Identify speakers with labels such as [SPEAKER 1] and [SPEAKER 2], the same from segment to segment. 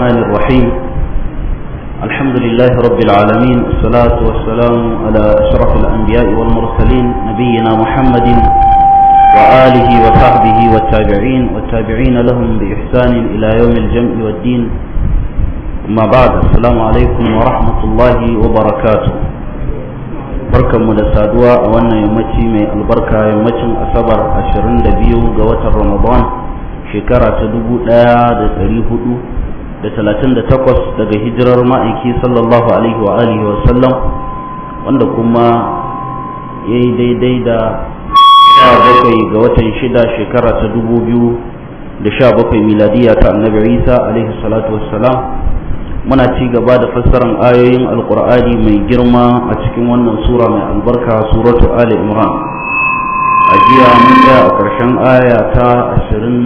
[SPEAKER 1] الرحمن الرحيم الحمد لله رب العالمين والصلاة والسلام على أشرف الأنبياء والمرسلين نبينا محمد وآله وصحبه والتابعين والتابعين لهم بإحسان إلى يوم الجمع والدين أما بعد السلام عليكم ورحمة الله وبركاته barkan mu da saduwa a wannan yammaci mai albarka yammacin asabar 22 ga watan ramadan shekara ta 1400 da talatin da takwas daga hijirar ma'aiki sallallahu alaihi wa alihi wa sallam wanda kuma ya yi daidai da sha bakwai ga watan shida shekara ta dubu biyu da sha bakwai miladiya ta annabi isa alaihi salatu wassalam muna ci gaba da fassarar ayoyin alkur'ani mai girma a cikin wannan sura mai albarka suratu ali imran a jiya mun tsaya a ƙarshen aya ta ashirin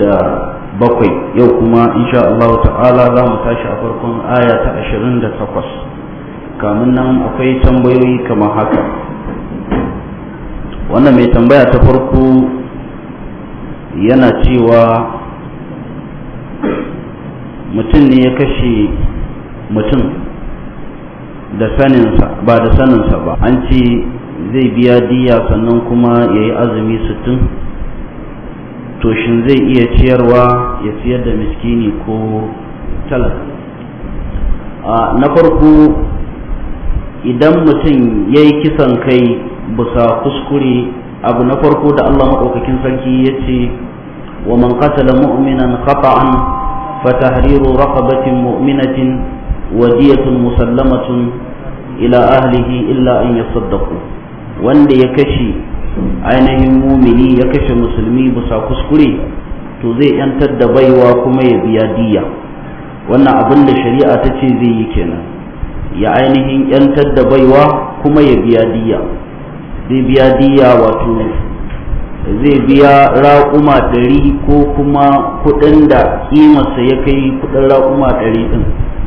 [SPEAKER 1] da bakwai yau kuma insha Allah ta'ala za mu tashi a farkon aya ta ashirin da takwas kamun nan akwai tambayoyi kamar haka wannan mai tambaya ta farko yana cewa mutum ne ya kashe mutum da saninsa ba da saninsa ba an ce zai biya diya sannan kuma ya yi azumi sittin to shin zai iya ciyarwa ya siyar da miskini ko talaka na farko idan mutum ya yi kisan kai bisa kuskure abu na farko da Allah maɗaukakin sarki ya ce wa man qatala mu'minan qata'an fa tahriru raqabatin mu'minatin wa diyatun musallamatun ila ahlihi illa an yasaddaqu wanda ya kashe ainihin mumini ya kashe musulmi bisa kuskure to zai yantar da baiwa kuma ya biya diya wannan abin da shari'a ta ce zai yi kenan ya ainihin yantar da baiwa kuma ya biya diya zai biya diya wato zai biya raƙuma ɗari ko kuma kuɗin da ƙimarsa ya kai kuɗin raƙuma ɗari ɗin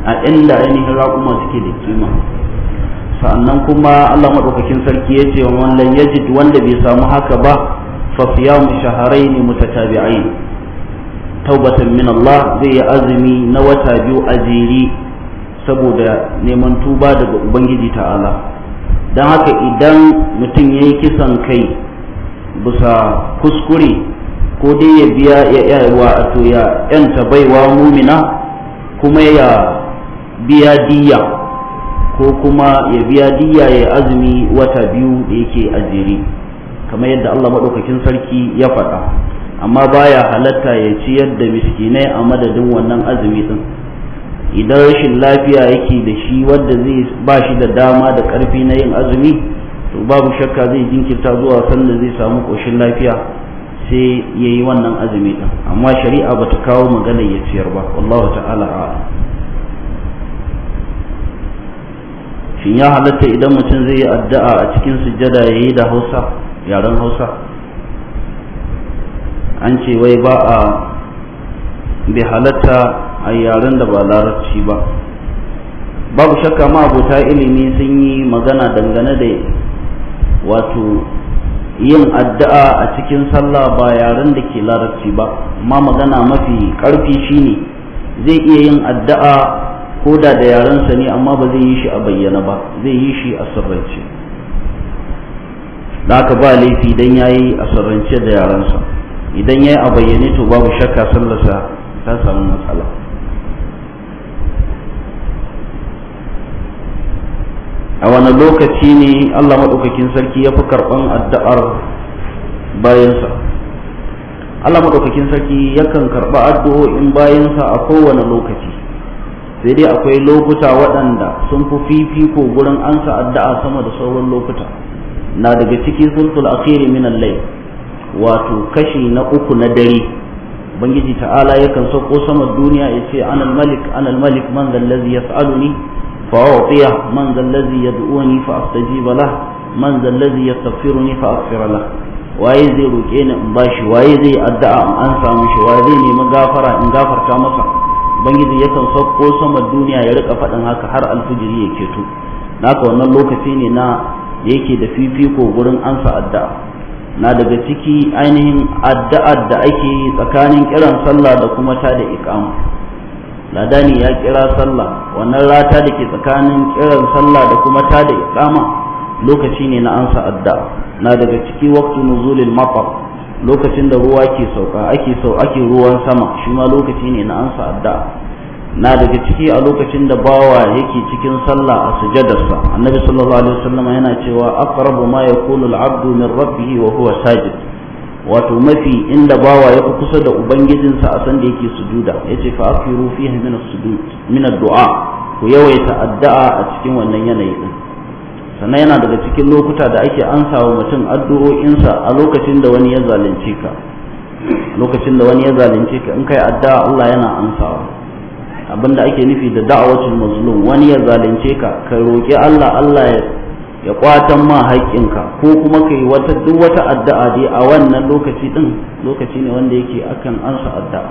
[SPEAKER 1] a inda ainihin raƙuma suke da kima sa'annan kuma Allah madaukakin sarki ya ce wannan yajid wanda bai samu haka ba fa siyamu shahrayn mutatabi'ain taubatan min Allah zai yi azumi na wata biyu a jere saboda neman tuba daga ubangiji ta'ala don haka idan mutum ya yi kisan kai bisa kuskure ko dai ya biya ya yawa a to ya yanta baiwa mumina kuma ya biya diya ko kuma ya biya diya ya azumi wata biyu da yake ajiri kamar yadda Allah maɗaukakin sarki ya faɗa amma baya halatta ya ciyar da miskinai a madadin wannan azumi din idan rashin lafiya yake da shi wanda zai ba shi da dama da ƙarfi na yin azumi to babu shakka zai jinkirta zuwa sanda zai samu ƙoshin lafiya sai ya yi wannan azumi din amma shari'a bata kawo magana ya ciyar ba wallahu ta'ala a'lam shin ya halatta idan mutum zai yi addu'a a cikin sujjada ya yi da hausa yaren hausa an ce wai ba a bai halatta a yaren da ba larabci ba babu shakka ma abota ilimi sun yi magana dangane da wato yin addu'a a cikin sallah ba yaren da ke larabci ba ma magana mafi karfi shine zai iya yin addu'a ko da da yarensa ne amma ba zai yi shi a bayyana ba zai yi shi a sirrance da aka ba laifi idan ya yi a sirrance da yarensa idan ya yi a bayyane to babu shakka sallasa ta samu matsala a wani lokaci ne allah maɗaukakin sarki ya fi karɓan addu'ar bayansa allah maɗaukakin sarki yakan karɓa addu'o'in bayansa a kowane lokaci sai dai akwai lokuta waɗanda sun fi fifiko gurin ansa addu'a sama da sauran lokuta na daga ciki sulful akhiri min al-layl wato kashi na uku na dare bangiji ta'ala yakan sauko sama duniya ya ce anal malik anal malik man zal ladzi yas'aluni fa u'tiya man zal ladzi yad'uni fa astajiba lah man zal ladzi yastaghfiruni fa aghfir lah waye zai roke ni in bashi waye zai addu'a in an samu shi waye zai nemi gafara in gafarta masa ubangiji yakan sauko sama duniya ya rika faɗin haka har alfijiri ya keto ka wannan lokaci ne na yake da fifiko gurin ansa addu'a na daga ciki ainihin addu'a da ake yi tsakanin kiran sallah da kuma ta da iqama ladani ya kira sallah wannan rata da ke tsakanin kiran sallah da kuma ta da iqama lokaci ne na ansa addu'a na daga ciki waqtu nuzulil maqam lokacin da ruwa ke sauka ake sau ake ruwan sama shi ma lokaci ne na ansa addu'a na daga ciki a lokacin da bawa yake cikin sallah a sujadarsa annabi sallallahu alaihi wasallam yana cewa aqrabu ma yakunu al-abdu min rabbih wa huwa sajid wato mafi inda bawa ya kusa da ubangijinsa a san da yake sujuda yace fa afiru fihi min as-sujud min ad-du'a ku yawaita addu'a a cikin wannan yanayi din sannan yana daga cikin lokuta da ake ansawa mutum addu'o'insa a lokacin da wani ya zalunce ka lokacin da wani ya zalunce ka in kai addu'a Allah yana ansawa abinda ake nufi da da'awatul mazlum wani ya zalunce ka ka roki Allah Allah ya kwatan ma haƙƙinka ko kuma kai wata duk wata addu'a dai a wannan lokaci din lokaci ne wanda yake akan ansa addu'a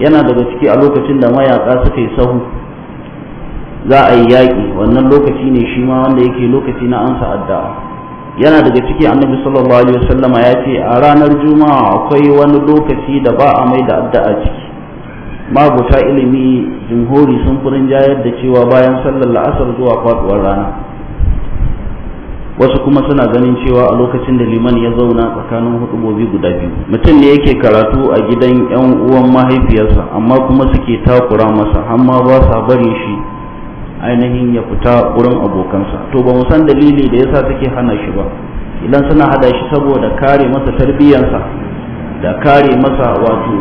[SPEAKER 1] yana daga ciki a lokacin da mayaka suka yi sahu za a yi yaƙi wannan lokaci ne shi ma wanda yake lokaci na ansa addu'a yana daga ciki annabi sallallahu alaihi wasallama ya ce a ranar juma'a akwai wani lokaci da ba a mai da addu'a ciki mabuta ilimi jimhuri sun furin jayar da cewa bayan sallar la'asar zuwa faduwar rana wasu kuma suna ganin cewa a lokacin da liman ya zauna tsakanin gobe guda biyu mutum ne yake karatu a gidan yan uwan mahaifiyarsa amma kuma suke takura masa amma ba sa bari shi ainihin ya fita wurin abokansa to ba mu san dalili da yasa take hana shi ba idan suna hada shi saboda kare masa tarbiyyansa da kare masa wato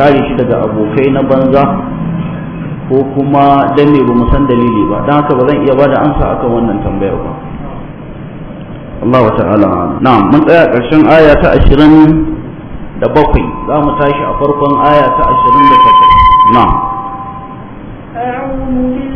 [SPEAKER 1] kare shi daga abokai na banza ko kuma dan ne ba mu san dalili ba dan haka ba zan iya bada amsa akan wannan tambayar ba Allah wa ta'ala na'am mun tsaya karshen aya ta 20 da bakwai za mu tashi a farkon aya ta 28 na'am
[SPEAKER 2] أعوذ بالله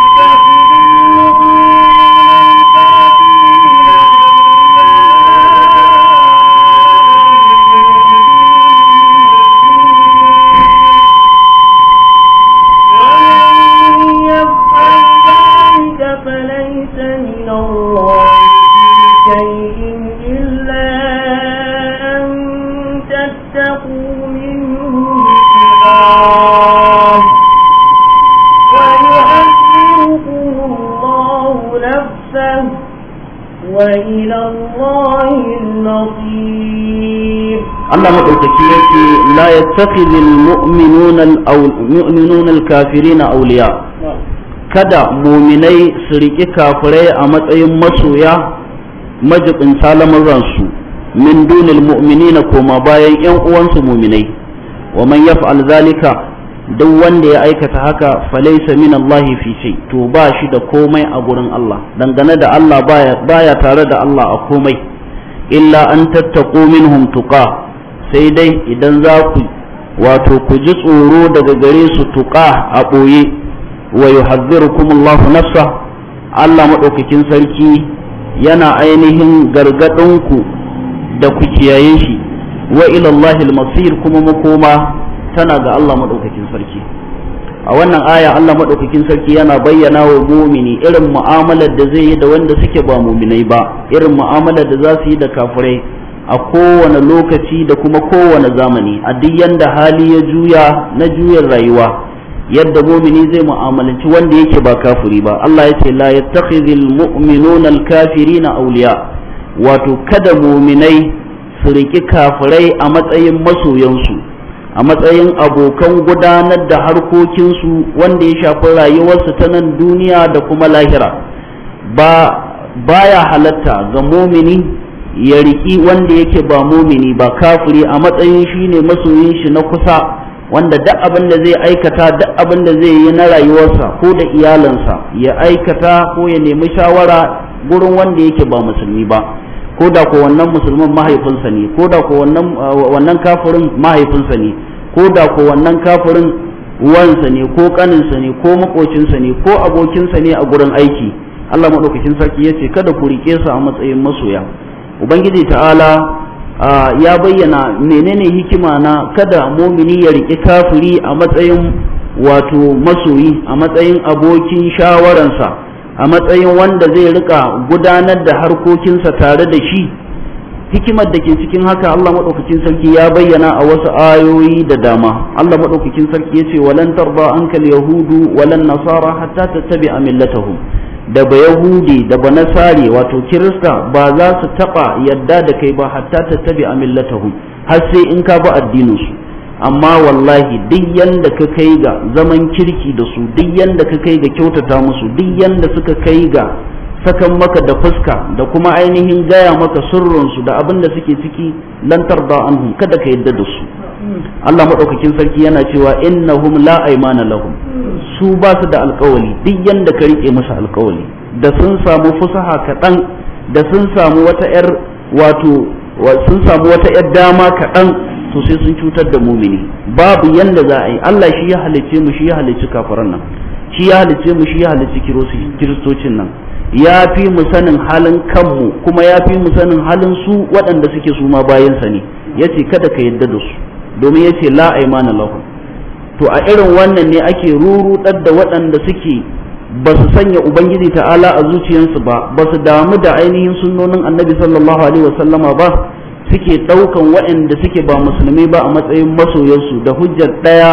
[SPEAKER 2] وإلى الله المصير
[SPEAKER 1] الله مدعوكي يكي لا يتخذ المؤمنون المؤمنون الكافرين أولياء kada muminai su riƙi kafirai a matsayin masoya majiɓin salamuransu min dunil mu'minina koma bayan 'yan uwansu muminai wa man yaf'al zalika duk wanda ya aikata haka falaisa min Allah fi shay to ba shi da komai a gurin Allah dangane da Allah baya tare da Allah a komai illa an tattaqu minhum tuqa sai dai idan za ku wato ku ji tsoro daga gare su tuqa a boye wa yuhadhdhirukum Allah nafsa Allah madaukakin sarki yana ainihin ku da ku kiyaye shi wa ila Allah al-masir kuma makoma tana ga Allah madaukakin sarki a wannan aya Allah madaukakin sarki yana bayyana wa mumini irin mu'amalar da zai yi da wanda suke ba muminai ba irin mu'amalar da za su yi da kafirai a kowane lokaci da kuma kowane zamani a duk yanda hali ya juya na juyar rayuwa yadda mumini zai mu'amalanci wanda yake ba kafiri ba Allah ya ce la yattakhidhul mu'minuna al awliya wato kada muminai su riki kafirai a matsayin masoyansu a matsayin abokan gudanar da harkokinsu wanda ya shafi rayuwarsu ta nan duniya da kuma lahira ba baya halatta ga momini ya riki wanda yake ba momini ba kafiri a matsayin shi ne masoyin shi na kusa wanda duk abin da zai aikata duk abin da zai yi na rayuwarsa ko da iyalansa ya aikata ko ya nemi shawara gurin wanda yake ba musulmi ba ko da ko wannan musulmin mahaifinsa ne ko da ko wannan uh, wannan kafirin mahaifinsa ne ko da ko wannan kafirin uwansa ne ko kaninsa ne ko makocinsa ne ko abokinsa ne a gurin aiki Allah madaukakin sarki ya ce kada ku rike su a matsayin masoya ubangiji ta'ala uh, ya bayyana menene hikima na kada mumini ya rike kafiri a matsayin wato masoyi a matsayin abokin shawararsa a matsayin wanda zai rika gudanar da harkokinsa tare da shi hikimar da ke cikin haka Allah maɗaukakin sarki ya bayyana a wasu ayoyi da dama Allah maɗaukakin sarki ya ce walan tarba kal yahudu walan nasara hatta a millatahum da ba yahudi da ba nasari wato kirista ba za su taɓa yadda da kai ba hatta a millatahum har sai in ka bi addinin su amma wallahi duk yanda ka kai ga zaman kirki da su duk yanda ka kai ga kyautata musu duk yanda suka kai ga sakan maka da fuska da kuma ainihin gaya maka sirrinsu da abin da suke ciki lantar da anhu kada ka yadda da su Allah maɗaukakin sarki yana cewa innahum la aymana lahum su ba su da alƙawali duk yanda ka rike musu alƙawali da sun samu fusaha kaɗan da sun samu wata 'yar wato sun samu wata 'yar dama kaɗan to sai sun cutar da mumini babu yanda za a yi Allah shi ya halicce mu shi ya halicci kafiran nan shi ya halicce mu shi ya halicci kiristocin nan ya fi mu sanin halin kanmu kuma ya fi mu sanin halin su waɗanda suke su ma bayansa ne yace kada ka yadda da su domin yace ce la aimana lahum to a irin wannan ne ake ruruɗar da waɗanda suke ba su sanya ubangiji ta'ala a zuciyarsu ba ba su damu da ainihin sunnonin annabi sallallahu alaihi wasallama ba suke ɗaukan waɗanda suke ba musulmi ba a matsayin masoyansu da hujjar ɗaya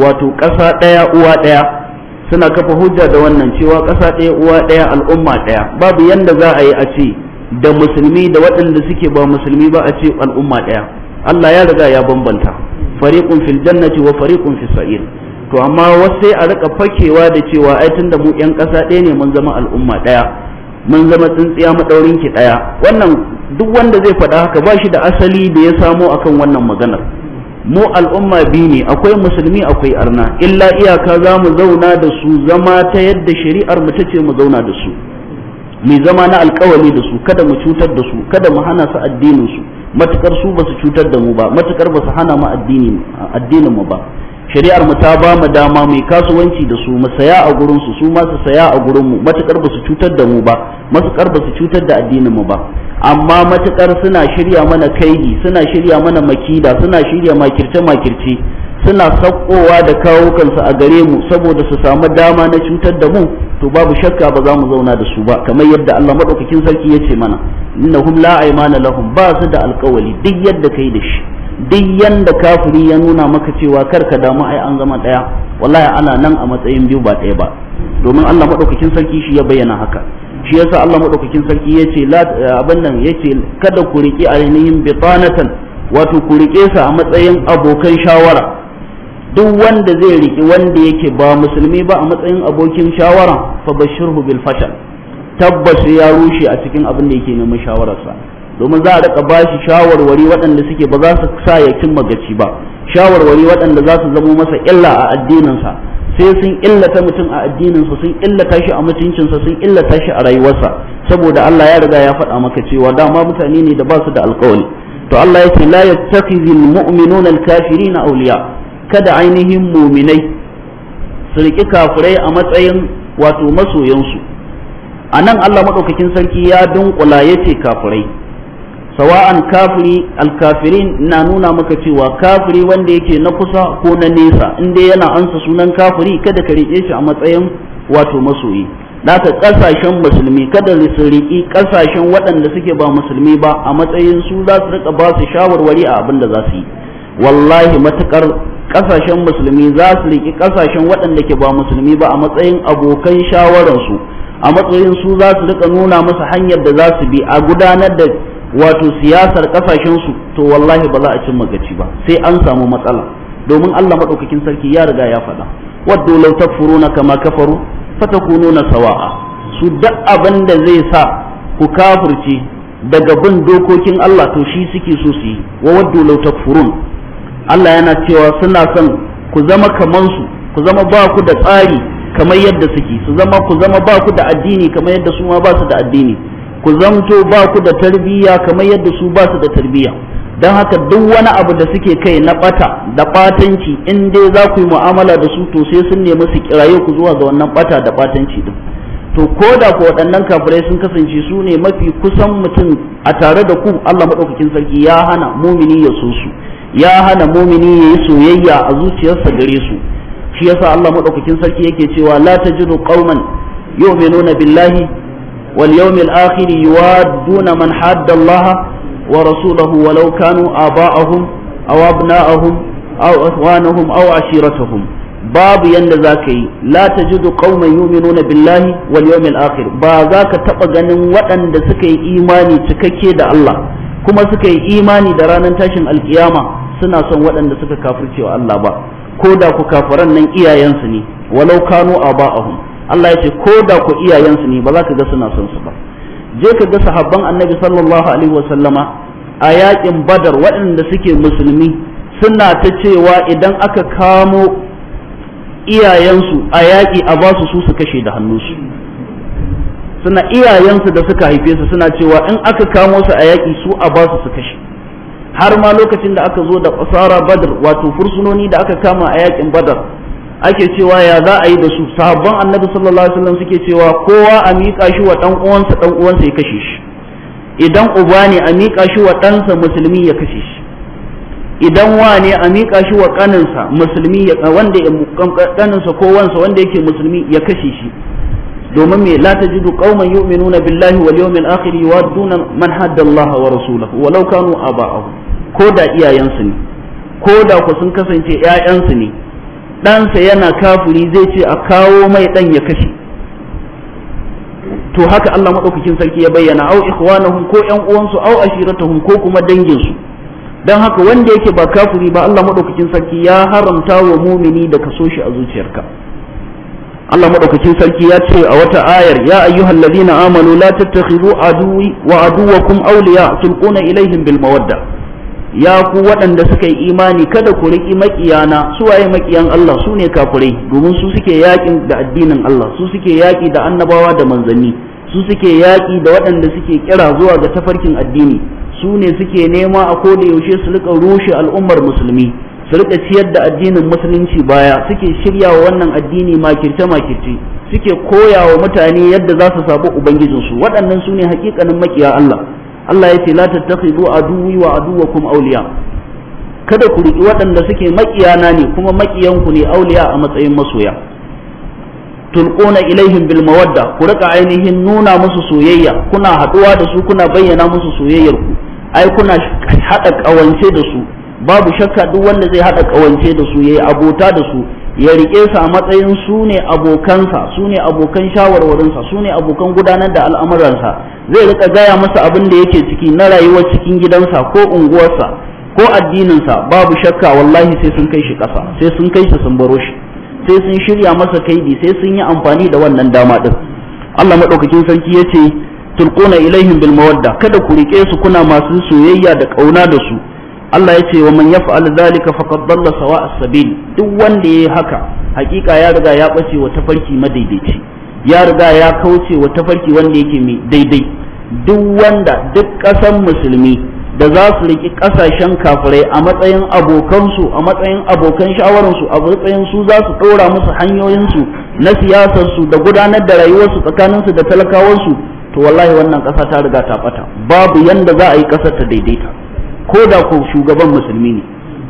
[SPEAKER 1] wato ƙasa ɗaya uwa ɗaya suna kafa hujja da wannan cewa ƙasa ɗaya uwa ɗaya al'umma ɗaya babu yanda za a yi a ce da musulmi da waɗanda suke ba musulmi ba a ce al'umma ɗaya Allah ya riga ya bambanta fariqun fil jannati wa fariqun fis sa'ir to amma wasu sai a rika fakewa da cewa ai tunda mu ƴan ƙasa ɗaya ne mun zama al'umma ɗaya mun zama tsintsiya madaurin ki ɗaya wannan duk wanda zai faɗa haka ba shi da asali da ya samo akan wannan maganar mu al'umma biyu ne akwai musulmi akwai arna illa iyaka za mu zauna da su zama ta yadda shari'ar mu ta ce mu zauna da su mai zama na alkawari da su kada mu cutar da su kada mu hana su addinin su matukar su ba su cutar da mu ba matukar ba su hana mu addinin mu ba shari'ar mu ta ba mu dama mai kasuwanci da su mu saya a gurin su su ma saya a gurin mu matukar ba su cutar da mu ba matukar ba su cutar da addinin mu ba amma matukar suna shirya mana kaidi suna shirya mana makida suna shirya makirce makirce suna sakkowa da kawo kansu a gare mu saboda su samu dama na cutar da mu to babu shakka ba za mu zauna da su ba kamar yadda Allah madaukakin sarki ya ce mana innahum la aymana lahum ba su da alkawali duk yadda kai da shi duk yanda kafiri ya nuna maka cewa kar ka damu ai an zama daya wallahi ana nan a matsayin biyu ba daya ba domin Allah madaukakin sarki shi ya bayyana haka shi yasa Allah madaukakin sarki yace la abin nan yace kada ku riki ainihin bitanatan wato ku rike sa a matsayin abokan shawara duk wanda zai riki wanda yake ba musulmi ba a matsayin abokin shawara fa bashirhu bil fashal tabbas ya rushe a cikin abin da yake neman shawararsa domin za a rika bashi shawarwari waɗanda suke ba za su sa ya cimma gaci ba shawarwari waɗanda za su zamo masa illa a addininsa sai sun illata mutum a addininsa sun illata shi a mutuncinsa sun illata shi a rayuwarsa saboda Allah ya riga ya faɗa maka cewa dama mutane ne da ba su da alƙawari to Allah ce la yattakhizul mu'minuna al-kafirina awliya kada ainihin mu'minai su riki kafirai a matsayin wato masoyansu a nan Allah maɗaukakin sarki ya dunkula ya ce kafirai sawa'an kafiri alkafirin na nuna maka cewa kafiri wanda yake na kusa ko na nesa in dai yana ansa sunan kafiri kada ka riƙe shi a matsayin wato masoyi naka kasashen musulmi kada su riƙi kasashen waɗanda suke ba musulmi ba a matsayin su za su riƙa ba su shawarwari a abin da za su yi wallahi matukar kasashen musulmi za su riƙi ƙasashen waɗanda ke ba musulmi ba a matsayin abokan shawararsu a matsayin su za su riƙa nuna masa hanyar da za su bi a gudanar da wato siyasar kasashensu to wallahi ba za a cin magaci ba sai an samu matsala domin Allah maɗaukakin sarki ya riga ya faɗa wadda lau takfuruna kama kafaru fatakununa sawa'a su duk abin da zai sa ku kafurce daga bin dokokin Allah to shi suke so su yi wa wadda lau takfurun Allah yana cewa suna son ku zama kaman su ku zama ba ku da tsari kamar yadda suke su zama ku zama ba ku da addini kamar yadda su ma ba su da addini ku zamto ba ku da tarbiyya kamar yadda su ba su da tarbiyya don haka duk wani abu da suke kai na bata da batanci in dai za ku yi mu'amala da su to sai sun nemi su kiraye ku zuwa ga wannan bata da batanci din to ko da ku waɗannan kafirai sun kasance su ne mafi kusan mutum a tare da ku Allah maɗaukakin sarki ya hana mumini ya so su ya hana mumini ya yi soyayya a zuciyarsa gare su shi yasa Allah maɗaukakin sarki yake cewa la tajidu qauman yu'minuna billahi واليوم الآخر يوادون من حد الله ورسوله ولو كانوا آباءهم أو أبناءهم babu yanda za ka yi la ta jidu ƙaunar yuminuna billahi wal yawmil akhir ba za ka taɓa ganin waɗanda suka yi imani cikakke da Allah kuma suka yi imani da ranar tashin alkiyama suna son waɗanda suka a Allah ba ko da ku kafiran nan iyayensu ne walau kanu aba'ahum Allah ya ce ko da ku iyayensu ne ba za ka ga suna son su ba je ka ga sahabban annabi sallallahu alaihi wasallama a yakin badar waɗanda suke musulmi suna ta cewa idan aka kamo iyayensu a yaƙi a ba su su su kashe da hannunsu suna iyayensu da suka haife su suna cewa in aka kamo su a yaƙi su a ba su su kashe har ma lokacin da aka zo da ƙasara badar wato fursunoni da aka kama a yaƙin badar ake cewa ya za a yi da su sahabban annabi sallallahu alaihi wasallam suke cewa kowa a miƙa shi wa dan uwansa dan uwansa ya kashe shi idan uba ne a miƙa shi wa ɗansa musulmi ya kashe shi idan wa ne a miƙa shi wa ƙaninsa musulmi ya wanda ƙaninsa ko wansa wanda yake musulmi ya kashe shi domin me la tajidu qauman yu'minuna billahi wal yawmil akhir yuwadduna man haddallaha wa rasulahu walau kanu aba'ahu ko da iyayensu ne ko da ku sun kasance ƴaƴansu ne ɗansa yana kafuri zai ce a kawo mai ɗan ya kashe to haka Allah maɗaukakin sarki ya bayyana au ikhwanahum ko ƴan uwansu au ashiratuhum ko kuma danginsu dan haka wanda yake ba kafuri ba Allah maɗaukakin sarki ya haramta wa mumini da kaso shi a zuciyarka Allah maɗaukakin sarki ya ce a wata ayar ya ayyuhal ladina amanu la tattakhidhu aduwi wa aduwakum awliya tulquna ilaihim bil mawaddah ya ku waɗanda suka yi imani kada ku riƙi maƙiyana su waye maƙiyan Allah su ne kafirai domin su suke yaƙi da addinin Allah su suke yaƙi da annabawa da manzanni su suke yaƙi da waɗanda suke kira zuwa ga tafarkin addini su ne suke nema a koda yaushe su riƙa rushe al'ummar musulmi su riƙa ciyar da addinin musulunci baya suke shirya wa wannan addini makirce makirce suke koyawa mutane yadda za su sabu ubangijinsu waɗannan su ne haƙiƙanin maƙiya Allah Allah ya ce la tattakhidhu aduwwi wa aduwwakum awliya kada ku riƙi waɗanda suke maƙiyana ne kuma maƙiyanku ne auliya a matsayin masoya tulquna ilaihim bil mawadda ku rika ainihin nuna musu soyayya kuna haɗuwa da su kuna bayyana musu soyayyar ku ai kuna haɗa ƙawance da su babu shakka duk wanda zai haɗa ƙawance da su yayi abota da su ya riƙe su a matsayin su ne abokansa su ne abokan shawarwarinsa su ne abokan gudanar da al'amuransa zai rika gaya masa abin da yake ciki na rayuwar cikin gidansa ko unguwarsa ko addininsa babu shakka wallahi sai sun kai shi kasa sai sun kai shi sun baro shi sai sun shirya masa kaidi sai sun yi amfani da wannan dama din Allah madaukakin sarki yace tulquna ilaihim bil mawadda kada ku rike su kuna masu soyayya da kauna da su Allah yace wa man yaf'al zalika faqad dalla sawa'a sabil duk wanda yayi haka hakika ya riga ya bace wa tafarki madaidaici ya riga ya kauce wa tafarki wanda yake mai daidai duk wanda duk ƙasan musulmi da za su riƙi ƙasashen kafirai a matsayin abokansu a matsayin abokan shawararsu a matsayin su za su ɗora musu hanyoyinsu na siyasarsu da gudanar da rayuwarsu tsakaninsu da talakawarsu to wallahi wannan ƙasa ta riga ta ɓata babu yanda za a yi ƙasar ta daidaita ko da ku shugaban musulmi ne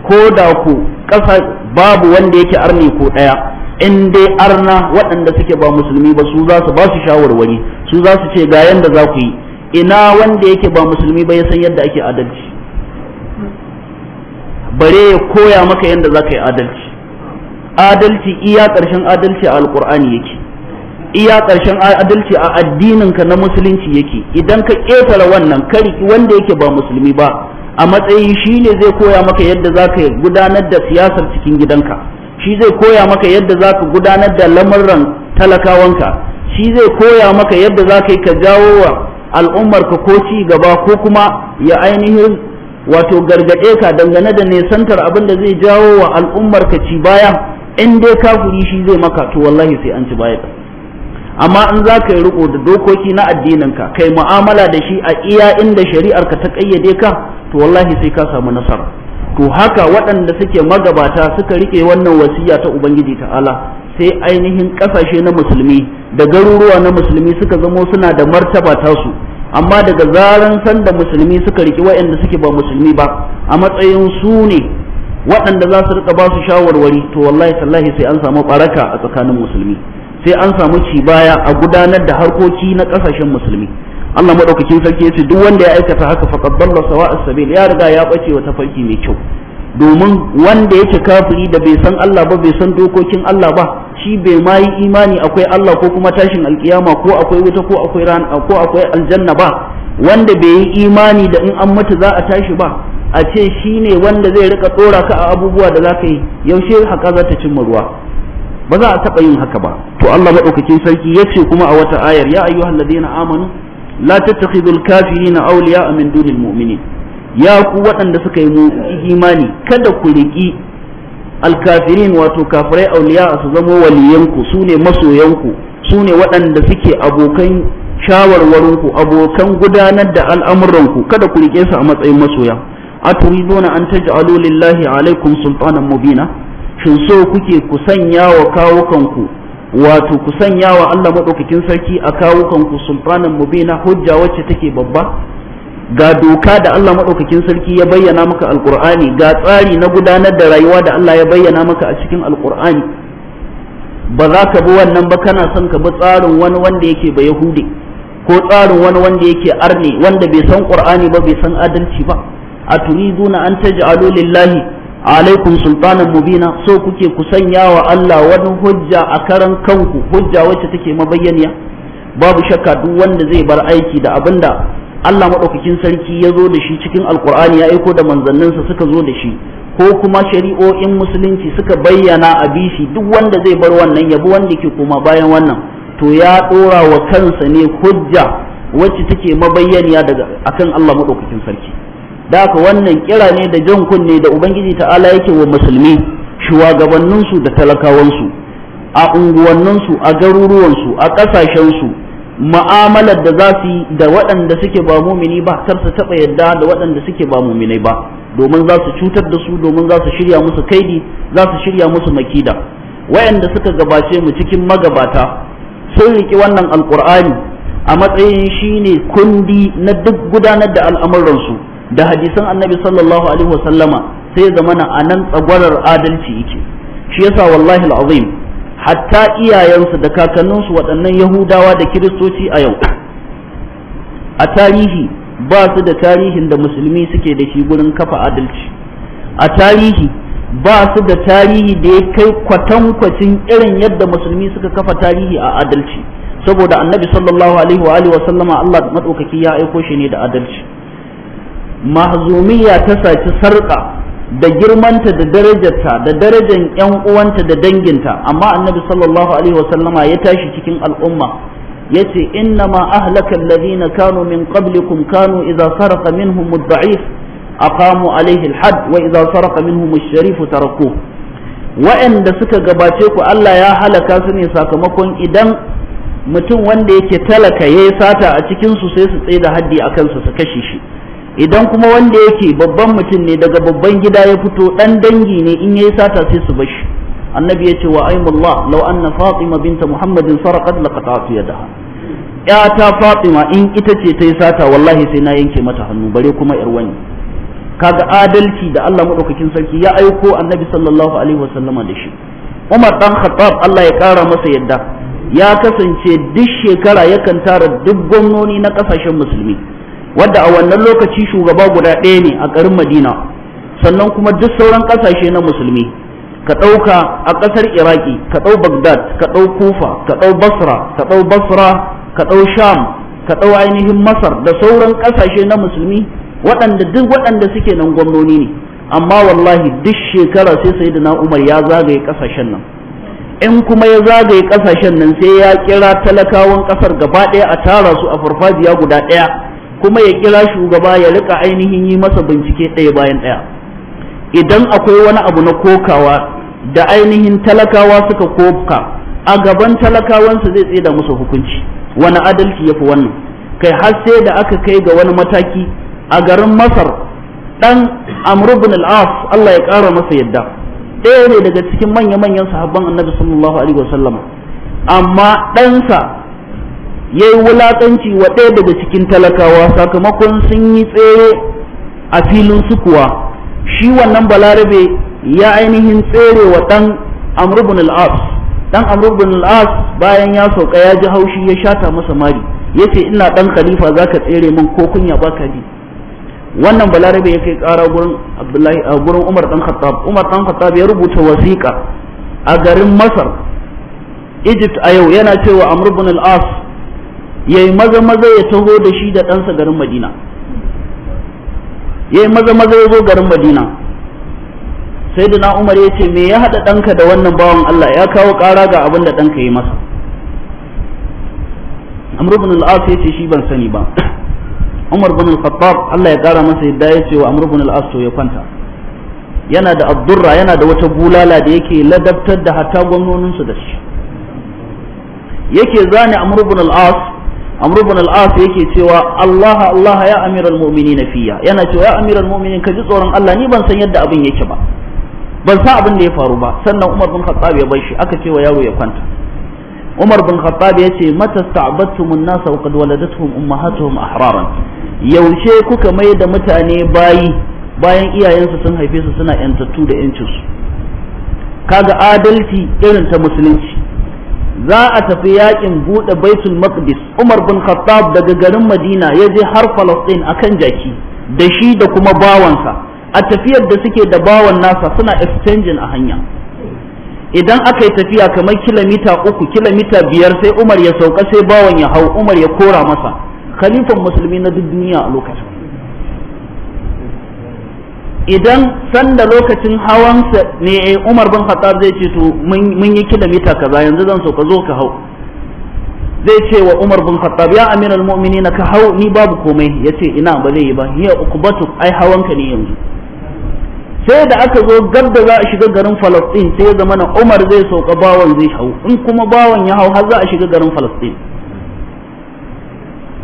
[SPEAKER 1] ko da ku ƙasa babu wanda yake arni ko ɗaya in dai arna waɗanda suke ba musulmi ba su za su ba su shawarwari su za su ce ga yanda za ku yi ina wanda yake ba musulmi ba ya san yadda ake adalci bare ya koya maka yadda za ka yi adalci adalci iya ƙarshen adalci a alƙur'ani yake iya ƙarshen adalci a addininka na musulunci yake idan ka ƙetare wannan kari wanda yake ba musulmi ba a matsayi shi ne zai koya maka yadda za ka gudanar da siyasar cikin gidanka shi zai koya maka yadda za ka gudanar da lamuran talakawanka shi zai koya maka yadda za ka yi ka jawo wa al'ummarka ko ci gaba ko kuma ya ainihin wato gargaɗe ka dangane da nesantar abin da zai jawo wa al'ummarka ci baya in dai kuri shi zai maka to wallahi sai an ci baya amma in za ka yi riko da dokoki na addininka kai mu'amala da shi a iya inda shari'ar ka ta ƙayyade ka to wallahi sai ka samu nasara to haka waɗanda suke magabata suka rike wannan wasiya ta ubangiji ta'ala sai ainihin ƙasashe na musulmi da garuruwa na musulmi suka zamo suna da martaba tasu amma daga zaran sanda musulmi suka rike waɗanda suke ba musulmi ba a matsayin su ne waɗanda za su rika ba su shawarwari to wallahi tallahi sai an samu baraka a tsakanin musulmi sai an samu cibaya a gudanar da harkoki na ƙasashen musulmi Allah madaukakin sarki yace duk wanda ya aikata haka faqad dalla sawa'a sabil ya riga ya bace wa farki mai kyau domin wanda yake kafiri da bai san Allah ba bai san dokokin Allah ba shi bai ma yi imani akwai Allah ko kuma tashin alkiyama ko akwai wuta ko akwai ran ko akwai aljanna ba wanda bai yi imani da in an mutu za a tashi ba a ce shi ne wanda zai rika tsora ka a abubuwa da za ka yi yaushe haka za ta cimma ruwa ba za a taɓa yin haka ba to Allah maɗaukakin sarki ya ce kuma a wata ayar ya ayyuhal ladina amanu la tattakhidul kafirina auliya min dunil mu'minin ya ku waɗanda suka yi imani kada ku riki alkafirin wato kafirai auliya su zamo waliyanku su ne masoyanku su ne waɗanda suke abokan shawarwarinku abokan gudanar da al'amuranku kada ku rike su a matsayin masoya a turidona an taj'alu lillahi alaikum sultanan mubina shin so kuke ku sanya wa ku? wato ku sanya wa Allah maɗaukakin sarki a kawukan ku sultanan mubina hujja wacce take babba ga doka da Allah maɗaukakin sarki ya bayyana maka alkur'ani ga tsari na gudanar da rayuwa da Allah ya bayyana maka a cikin alkur'ani ba za ka bi wannan ba kana son ka bi tsarin wani wanda yake ba yahudi ko tsarin wani wanda yake arne wanda bai san qur'ani ba bai san adalci ba a turiduna an lillahi alaikum sultanan mubina so kuke ku sanya wa Allah wani hujja a karan kanku hujja wacce take mabayyaniya babu shakka duk wanda zai bar aiki da abinda Allah madaukakin sarki ya zo da shi cikin alkur'ani ya aiko da manzanninsa suka zo da shi ko kuma shari'o'in musulunci suka bayyana a bishi duk wanda zai bar wannan yabi wanda ke kuma bayan wannan to ya ɗora wa kansa ne hujja wacce take mabayyaniya daga akan Allah madaukakin sarki da haka wannan kira ne da jan kunne da ubangiji ta'ala yake wa musulmi shugabanninsu da talakawansu a unguwanninsu a garuruwansu a ƙasashensu ma'amalar da za su yi da waɗanda suke ba mumini ba kar su taɓa yadda da waɗanda suke ba muminai ba domin za su cutar da su domin za su shirya musu kaidi za su shirya musu makida wayanda suka gabace mu cikin magabata sun riki wannan alkur'ani a matsayin shine kundi na duk gudanar da al'amuransu da hadisan annabi sallallahu alaihi wasallama sai zamana a nan tsagwarar adalci yake shi yasa wallahi alazim hatta iyayensu da kakanninsu waɗannan yahudawa da kiristoci a yau a tarihi ba su da tarihin da musulmi suke da shi gurin kafa adalci a tarihi ba su da tarihi da ya kai kwatankwacin irin yadda musulmi suka kafa tarihi a adalci saboda annabi sallallahu alaihi wa alihi wa sallama Allah madaukaki ya aiko shi ne da adalci mahzumiya ta saki sarƙa da girmanta da darajarta da darajar yan uwanta da danginta amma annabi sallallahu alaihi wasallama ya tashi cikin al'umma yace inna ma ahlaka alladhina kanu min qablikum kanu idza saraqa minhum ad-da'if aqamu alaihi al-hadd wa idza saraqa minhum ash-sharif wa'anda suka gabace ku Allah ya halaka su ne sakamakon idan mutum wanda yake talaka yayi sata a cikin su sai su tsaye da haddi akan su su kashe shi idan kuma wanda yake babban mutum ne daga babban gida ya fito dan dangi ne in yayi sata sai su bashi annabi ya ce wa aimullah law anna fatima binta muhammadin sarqat laqata'tu yadaha ya ta fatima in ita ce tayi sata wallahi sai na yanke mata hannu bare kuma yar wani kaga adalci da Allah madaukakin sarki ya aiko annabi sallallahu alaihi wasallama da shi Umar dan Khattab Allah ya kara masa yadda ya kasance duk shekara yakan tara duk gwamnoni na kasashen musulmi wadda a wannan lokaci shugaba guda ɗaya ne a garin madina sannan kuma duk sauran ƙasashe na musulmi ka ɗauka a ƙasar iraki ka ɗau bagdad ka ɗau kufa ka ɗau basra ka ɗau basra ka ɗau sham ka ɗau ainihin masar da sauran ƙasashe na musulmi waɗanda duk waɗanda suke nan gwamnoni ne amma wallahi duk shekara sai sai na umar ya zagaye ƙasashen nan in kuma ya zagaye ƙasashen nan sai ya kira talakawan ƙasar gaba ɗaya a tara su a farfajiya guda ɗaya kuma ya kira shugaba ya rika ainihin yi masa bincike ɗaya bayan ɗaya idan akwai wani abu na kokawa da ainihin talakawa suka koka a gaban talakawansu zai tsida musu hukunci wani adalci ya fi wannan kai har sai da aka kai ga wani mataki a garin masar ɗan amrubin al'af allah ya ƙara masa yadda ɗaya ne daga cikin manya-manyan sahabban annabi sallallahu alaihi wasallama amma ɗansa ya yi wulaƙanci wa ɗaya daga cikin talakawa sakamakon sun yi tsere a filin sukuwa shi wannan balarabe ya ainihin tsere wa ɗan amrubun al'as ɗan amrubun al'as bayan ya sauka ya ji haushi ya shata masa mari ya ce ina ɗan khalifa za ka tsere min ko kunya ba ka ji wannan balarabe ya kai ƙara gurin umar ɗan khattab umar ɗan khattab ya rubuta wasiƙa a garin masar egypt a yau yana cewa amrubun al'as ya yi maza maza ya taho da shi da ɗansa garin madina ya yi maza maza ya zo garin madina sai da umar ya ce me ya haɗa ɗanka da wannan bawan allah ya kawo ƙara ga abin da ɗanka ya yi masa amr ibn al ya ce shi ban sani ba umar bin al-khattab allah ya ƙara masa yadda ya ce wa amr ibn al to ya kwanta yana da abdurra yana da wata bulala da yake ladabtar da hatta gwamnoninsu da shi yake zane amr ibn al-as amr ibn al-as yake cewa Allah Allah ya amiral mu'minin fiya yana cewa ya amiral mu'minin ka ji tsoron Allah ni ban san yadda abin yake ba ban san abin da ya faru ba sannan Umar bin Khattab ya bar shi aka cewa yaro ya kwanta Umar bin Khattab ya ce mata sta'battumun nasa wa qad waladatuhum ummahatuhum ahraran yaushe kuka mai da mutane bayi bayan iyayensu sun haife su suna yantattu da 'yancinsu? su kaga adalci irin ta musulunci za a tafi yakin bude baitul maqdis umar bin khattab daga garin madina ya je har falastin akan jaki da shi da kuma bawansa a tafiyar da suke da bawan nasa suna exchanging a hanya idan aka yi tafiya kamar kilomita uku kilomita biyar sai umar ya sauka sai bawan ya hau umar ya kora masa khalifan musulmi na duk duniya a lokacin idan sanda lokacin hawansa ne umar bin khattab zai ce to mun yi kilomita kaza yanzu zan so ka zo ka hau zai ce wa umar bin khattab ya amina almu'minina ka hau ni babu komai yace ina ba zai yi ba hiya ukubatu ai hawanka ne yanzu sai da aka zo gab da za a shiga garin falastin sai ya zama na umar zai sauka bawan zai hau in kuma bawan ya hau har za a shiga garin falastin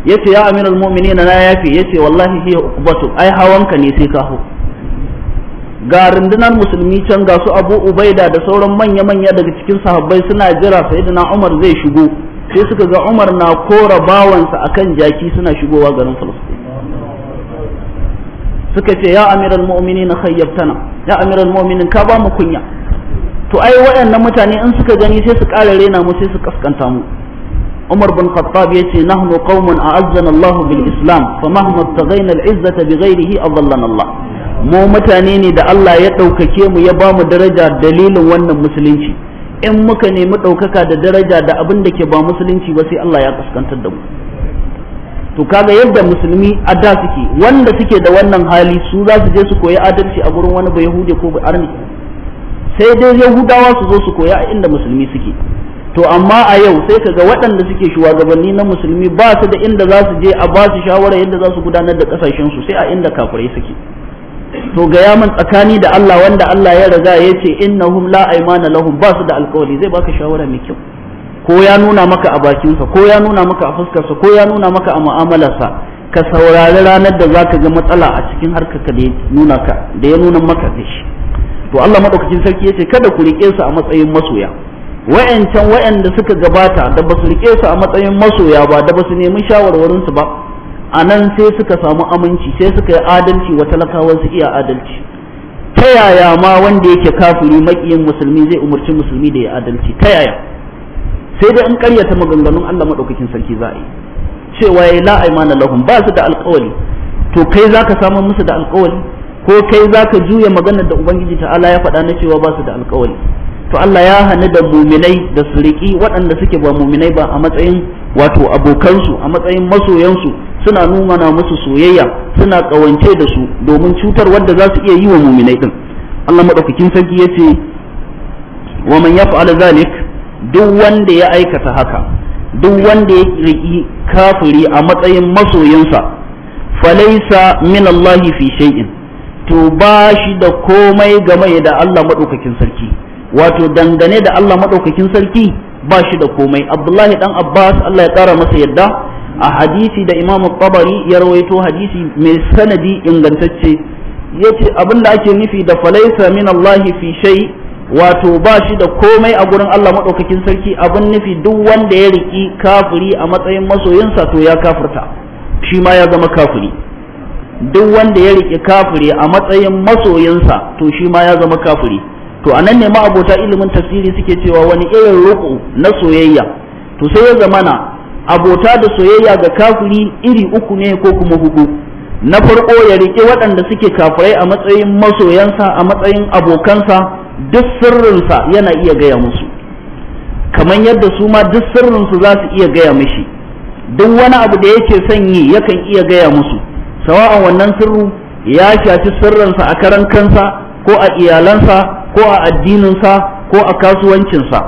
[SPEAKER 1] yace ya amina almu'minina na yafi yace wallahi hiya ukubatu ai hawanka ne sai ka hau ga rundunar musulmi can ga su abu ubaida da sauran manya-manya daga cikin sahabbai suna jira sayyidina umar zai shigo sai suka ga umar na kora bawansa akan jaki suna shigowa garin falastin suka ce ya amiral na khayyabtana ya amiral mu'minin ka ba mu kunya to ai waɗannan mutane in suka gani sai su ƙara rena mu sai su kaskanta mu Umar bin Khattab ce nahnu qaumun a'azzana Allah bil Islam fa mahma tagayna al bi ghayrihi adallana Allah mu mutane ne da Allah ya ɗaukake mu ya ba mu daraja dalilin wannan musulunci in muka nemi ɗaukaka da daraja da abin da ke ba musulunci ba sai Allah ya kaskantar da mu to kaga yadda musulmi a da suke wanda suke da wannan hali su za su je su koyi adalci a gurin wani ba yahudi ko ba arni sai dai yahudawa su zo su koya a inda musulmi suke to amma a yau sai kaga waɗanda suke shugabanni na musulmi ba su da inda za su je a ba su shawara yadda za su gudanar da ƙasashensu sai a inda kafirai suke to gaya man tsakani da Allah wanda Allah ya riga ya ce innahum la aymana lahum ba su da alkawari zai baka shawara mai kyau ko ya nuna maka a bakinsa ko ya nuna maka a fuskarsa ko ya nuna maka a mu'amalarsa ka saurari ranar da zaka ga matsala a cikin harkar ka da ya nuna ka da ya nuna maka shi to Allah madaukakin sarki yace kada ku rike su a matsayin masoya wa'ancan wa'anda suka gabata da basu rike su a matsayin masoya ba da basu nemi shawarwarin su ba a nan sai suka samu aminci sai suka yi adalci wa talakawan su iya adalci ta yaya ma wanda yake kafiri makiyin musulmi zai umarci musulmi da ya adalci ta yaya sai dai in karyata maganganun Allah madaukakin sarki za a yi cewa ya la aimana lahum ba su da alkawali to kai zaka samu musu da alkawali ko kai zaka juya maganar da ubangiji Allah ya faɗa na cewa ba su da alkawali to Allah ya hana da muminai da suriki waɗanda suke ba muminai ba a matsayin wato abokansu a matsayin masoyansu suna nuna musu soyayya suna kawance da su domin cutar wanda za su iya yi wa muminai din Allah madaukakin sarki yace wa man yaf'al zalik duk wanda ya aikata haka duk wanda ya riki kafiri a matsayin masoyinsa falaisa min Allah fi shay'in to ba shi da komai game da Allah madaukakin sarki wato dangane da Allah madaukakin sarki ba shi da komai Abdullahi dan Abbas Allah ya kara masa yadda a hadisi da Imamu tabari ya rawaito hadisi mai sanadi ingantacce ce abin da ake nufi da falaisa min allahi fi shai wato ba shi da komai a gurin Allah maɗaukakin sarki abin nufi duk wanda ya riƙi kafiri a matsayin masoyinsa to ya kafirta shi ma ya zama kafiri duk wanda ya riki kafiri a matsayin masoyinsa to shi ma ya zama kafiri to anan ne ma abota ilimin tafsiri suke cewa wani irin ruku na soyayya to sai ya zamana abota da soyayya ga kafiri iri uku ne ko kuma hudu na farko ya riƙe waɗanda suke kafirai a matsayin masoyansa a matsayin abokansa duk sirrinsa yana iya gaya musu kamar yadda su ma duk sirrinsu za su iya gaya mishi duk wani abu da yake son yi yakan iya gaya musu sawa'an wannan sirru ya shafi sirrinsa a karan kansa ko a iyalansa ko a addininsa ko a kasuwancinsa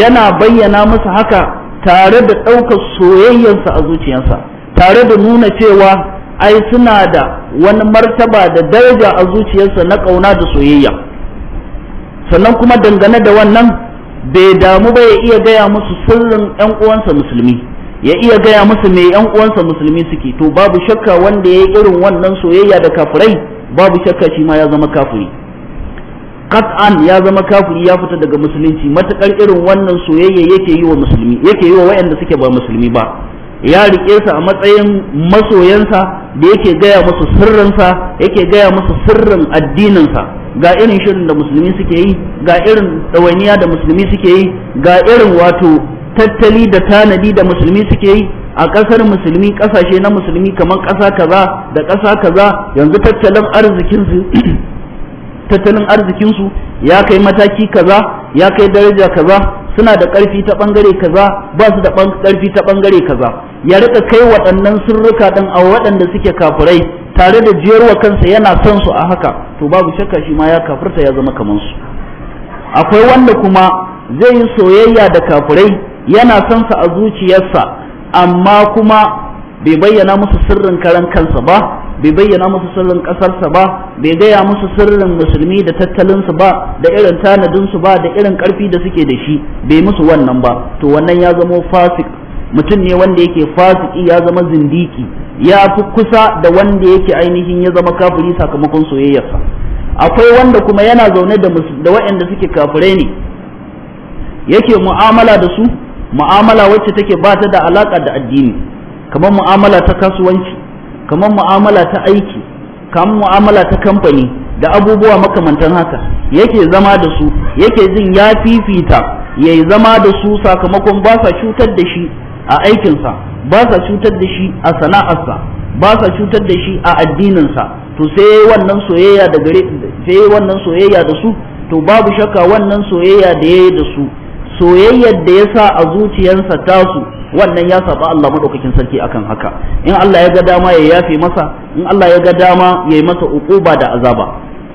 [SPEAKER 1] yana bayyana musu haka tare da ɗaukar soyayyarsa a zuciyarsa tare da nuna cewa ai suna da wani martaba da daraja a zuciyarsa na ƙauna da soyayya sannan kuma dangane da wannan bai damu ba ya iya gaya musu sirrin 'yan uwansa musulmi ya iya gaya musu mai 'yan uwansa musulmi suke to babu shakka wanda ya yi irin wannan soyayya da kafirai babu shakka shi ma ya zama kafiri qat'an ya zama kafiri ya fita daga musulunci matakar irin wannan soyayya yake yi wa musulmi yake yi wa waɗanda suke ba musulmi ba ya rike sa a matsayin masoyansa da yake gaya musu sirrinsa yake gaya musu sirrin addininsa ga irin shirin da musulmi suke yi ga irin ɗawainiya da musulmi suke yi ga irin wato tattali da tanadi da musulmi suke yi a kasar musulmi kasashe na musulmi kamar kasa kaza da kasa kaza yanzu tattalin arzikin arzikinsu tattalin arzikinsu ya kai mataki kaza ya kai daraja kaza suna da ƙarfi ta ɓangare kaza ba su da ƙarfi ta ɓangare kaza ya rika kai waɗannan sirruka ɗin a waɗanda suke kafirai tare da jiyarwa kansa yana son su a haka to babu shakka shi ma ya kafirta ya zama kaman su akwai wanda kuma zai yi soyayya da kafirai yana son su a zuciyarsa amma kuma bai bayyana musu sirrin karan kansa ba bai bayyana musu sirrin ƙasarsa ba bai gaya musu sirrin musulmi da tattalinsu ba da irin tanadinsu ba da irin ƙarfi da suke da shi bai musu wannan ba to wannan ya zama fasik mutum ne wanda yake fasiki ya zama zindiki ya fi kusa da wanda yake ainihin ya zama kafiri sakamakon soyayyarsa akwai wanda kuma yana zaune da da waɗanda suke kafirai ne yake mu'amala da su mu'amala wacce take ba ta da alaka da addini kamar mu'amala ta kasuwanci kamar mu'amala ta aiki kamar mu'amala ta kamfani da abubuwa makamantan haka yake zama da su yake jin ya fifita ya zama da su sakamakon ba sa cutar da shi a aikinsa ba sa cutar da shi a sana'arsa ba sa cutar da shi a addininsa to sai wannan soyayya da gare sai wannan soyayya da su to babu shakka wannan soyayya da yayi da su soyayyar da ya sa a zuciyarsa tasu wannan ya saba Allah madaukakin sarki akan haka in Allah ya ga dama ya yafe masa in Allah ya ga dama ya yi masa uquba da azaba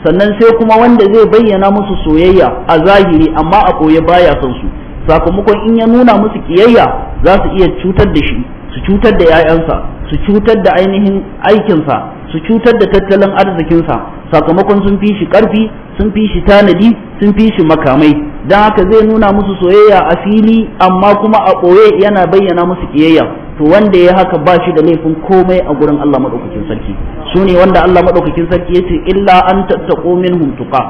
[SPEAKER 1] sannan sai kuma wanda zai bayyana musu soyayya a zahiri amma a koye baya son su sakamakon in ya nuna musu kiyayya za su iya cutar da shi su cutar da 'ya'yansa su cutar da ainihin aikinsa su cutar da tattalin arzikinsa sakamakon sun fi shi ƙarfi sun fi shi tanadi sun fi shi makamai don haka zai nuna musu soyayya a fili amma kuma a ɓoye yana bayyana musu ƙiyayya to wanda ya haka ba shi da laifin komai a gurin Allah maɗaukakin sarki su ne wanda Allah maɗaukakin sarki ya ce illa an tattaƙo minhum tuqa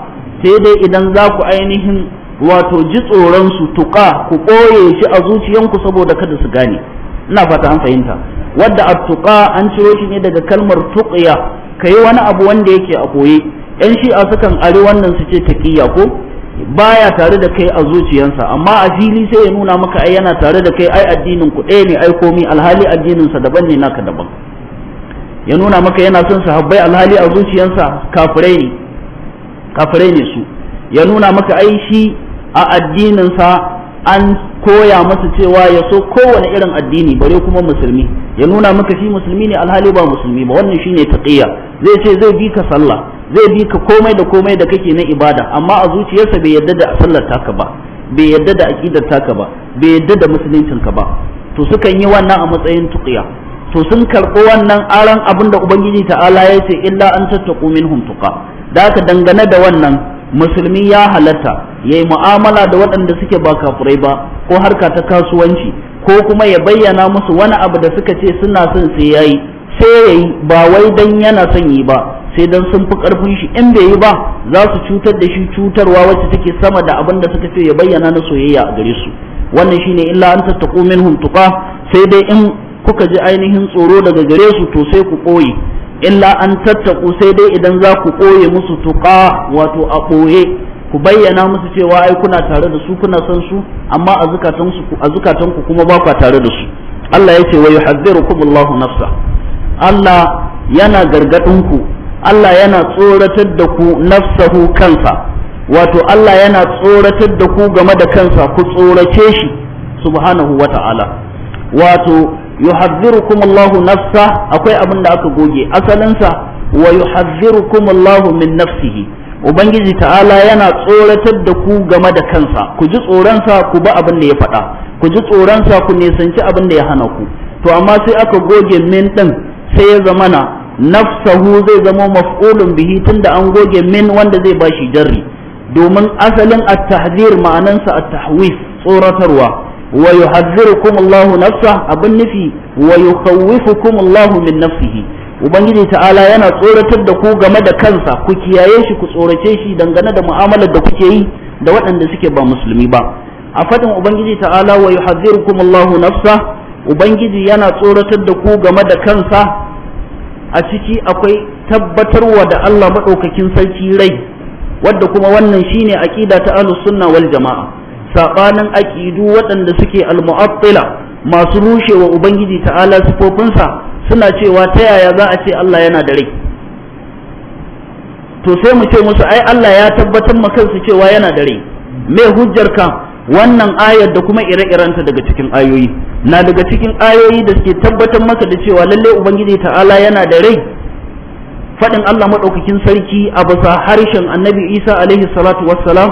[SPEAKER 1] sai dai idan za ku ainihin wato ji tsoron su tuqa ku ɓoye shi a zuciyanku saboda kada su gane ina fata an fahimta wadda attuqa an ciro shi ne daga kalmar tuqiya kai wani abu wanda yake a koye yan a sukan ari wannan su ce taqiya ko baya tare da kai a zuciyarsa amma a fili sai ya nuna maka ai yana tare da kai ai addinin ku ɗaya ne ai komi alhali addinin sa daban ne naka daban ya nuna maka yana son habbai alhali a zuciyarsa kafirai ne kafirai ne su ya nuna maka ai shi a addininsa an koya masa cewa ya so kowane irin addini bare kuma musulmi ya nuna maka shi musulmi ne alhali ba musulmi ba wannan shine taqiyya zai ce zai bi ka sallah zai bi ka komai da komai da kake na ibada amma a zuciyarsa bai yadda da sallar taka ba bai yadda da aqidar taka ba bai yadda da musuluncin ka ba to sukan yi wannan a matsayin tuƙiya to sun karɓo wannan aran abin da ubangiji ta'ala ya ce illa an tattaqu minhum tuqa da haka dangane da wannan musulmi ya halatta ya yi mu'amala da waɗanda suke ba kafurai ba ko harka ta kasuwanci ko kuma ya bayyana musu wani abu da suka ce suna son sai ya yi sai ya yi ba wai dan yana son yi ba sai dan sun fi ƙarfin shi in bai yi ba za su cutar da shi cutarwa wacce take sama da abin da suka ce ya bayyana na soyayya a gare su wannan shine illa an tattaku minhum tuqa sai dai in kuka ji ainihin tsoro daga gare su to sai ku koyi illa an tattaku sai dai idan za ku koye musu tuqa wato a koye ku bayyana musu cewa ai kuna tare da su kuna son su amma a zukatan ku kuma ba ku tare da su Allah yace wa Allah nafsa Allah yana gargadin ku Allah yana tsoratar da ku nafsahu kansa wato Allah yana tsoratar da ku game da kansa ku tsorace shi subhanahu wata'ala wato Allah nafsa akwai abin da aka goge asalinsa wa Allah min nafsihi ubangiji ta'ala yana tsoratar da ku game da kansa ku ji tsoronsa ku ba abin da ya faɗa ku ji tsoronsa ku nisanci abin da ya hana ku to amma sai aka goge min ɗin sai ya zamana nafsahu zai zama maf'ulun bihi tunda an goge min wanda zai bashi jarri domin asalin at-tahzir ma'anansa at-tahwif tsoratarwa wa yuhadhdhirukum Allahu nafsa abin nufi wa yukhawwifukum Allahu min nafsihi ubangiji ta'ala yana tsoratar da ku game da kansa ku kiyaye shi ku tsorace shi dangane da mu'amalar da kuke yi da waɗanda suke ba musulmi ba a fadin ubangiji ta'ala wa yuhadhirukum Allahu nafsa ubangiji yana tsoratar da ku game da kansa a ciki akwai tabbatarwa da Allah madaukakin sarki rai wadda kuma wannan shine aqida ta ahlus sunna wal jamaa sabanin aqidu waɗanda suke al-mu'attila masu rushewa ubangiji ta'ala sifofinsa suna cewa ta yaya za a ce Allah yana da rai to sai mu ce musu ai Allah ya tabbatar ma kansu cewa yana da rai me hujjar ka wannan ayar da kuma ire-irenta daga cikin ayoyi na daga cikin ayoyi da suke tabbatar maka da cewa lalle ubangiji ta'ala yana da rai faɗin Allah maɗaukakin sarki a basa harshen annabi Isa alaihi salatu wassalam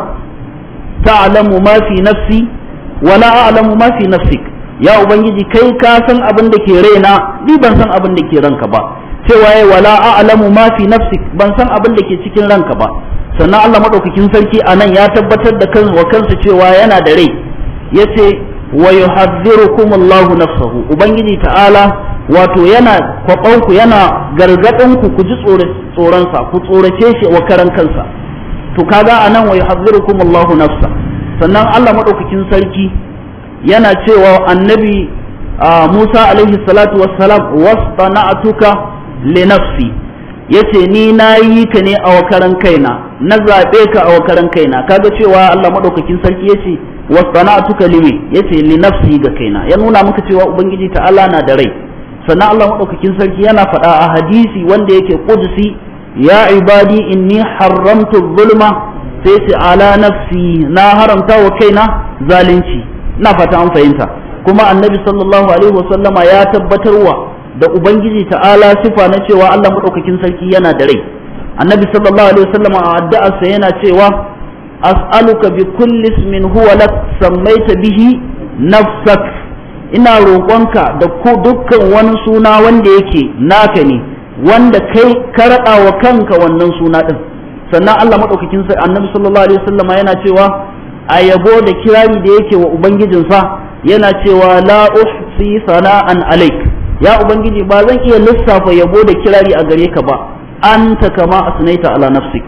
[SPEAKER 1] ta'lamu ma fi nafsi wala a'lamu ma fi nafsik ya ubangiji kai ka san abin da ke raina ni ban san abin da ke ranka ba cewa ya wala a'lamu ma fi nafsi ban san abin da ke cikin ranka ba sannan Allah madaukakin sarki anan ya tabbatar da kan wa kansa cewa yana da rai yace wa yuhadhirukum Allah nafsuhu ubangiji ta'ala wato yana kwaban ku yana gargadin ku ku ji tsoron sa ku tsorace shi wa karan kansa to kaga anan wa yuhadhirukum Allah nafsa sannan Allah madaukakin sarki yana cewa annabi Musa alaihi salatu wassalam wastana'tuka li nafsi yace ni na ka ne a wakaran kaina na zaɓe ka a wakaran kaina kaga cewa Allah madaukakin sarki yace wastana'tuka li me yace li nafsi ga kaina ya nuna maka cewa ubangiji ta'ala na da rai sannan Allah madaukakin sarki yana faɗa a hadisi wanda yake qudsi ya ibadi inni haramtu zulma sai ce ala nafsi na haramta wa kaina zalunci Ina fata an fahimta kuma annabi sallallahu alaihi wasallama ya tabbatarwa da ubangiji ta'ala sifa na cewa Allah madaukakin sarki yana da rai annabi sallallahu alaihi wasallama a addu'arsa yana cewa as'aluka bi kulli ismin huwa lak sammaita bihi nafsak ina roƙonka da ku dukkan wani suna wanda yake naka ne wanda kai ka raɗa wa kanka wannan suna ɗin sannan Allah madaukakin sarki annabi sallallahu alaihi wasallama yana cewa a yabo da kirari da yake wa ubangijinsa yana cewa la uhsi sana'an alaik ya ubangiji ba zan iya lissafa yabo da kirari a gare ka ba anta kama asnaita ala nafsik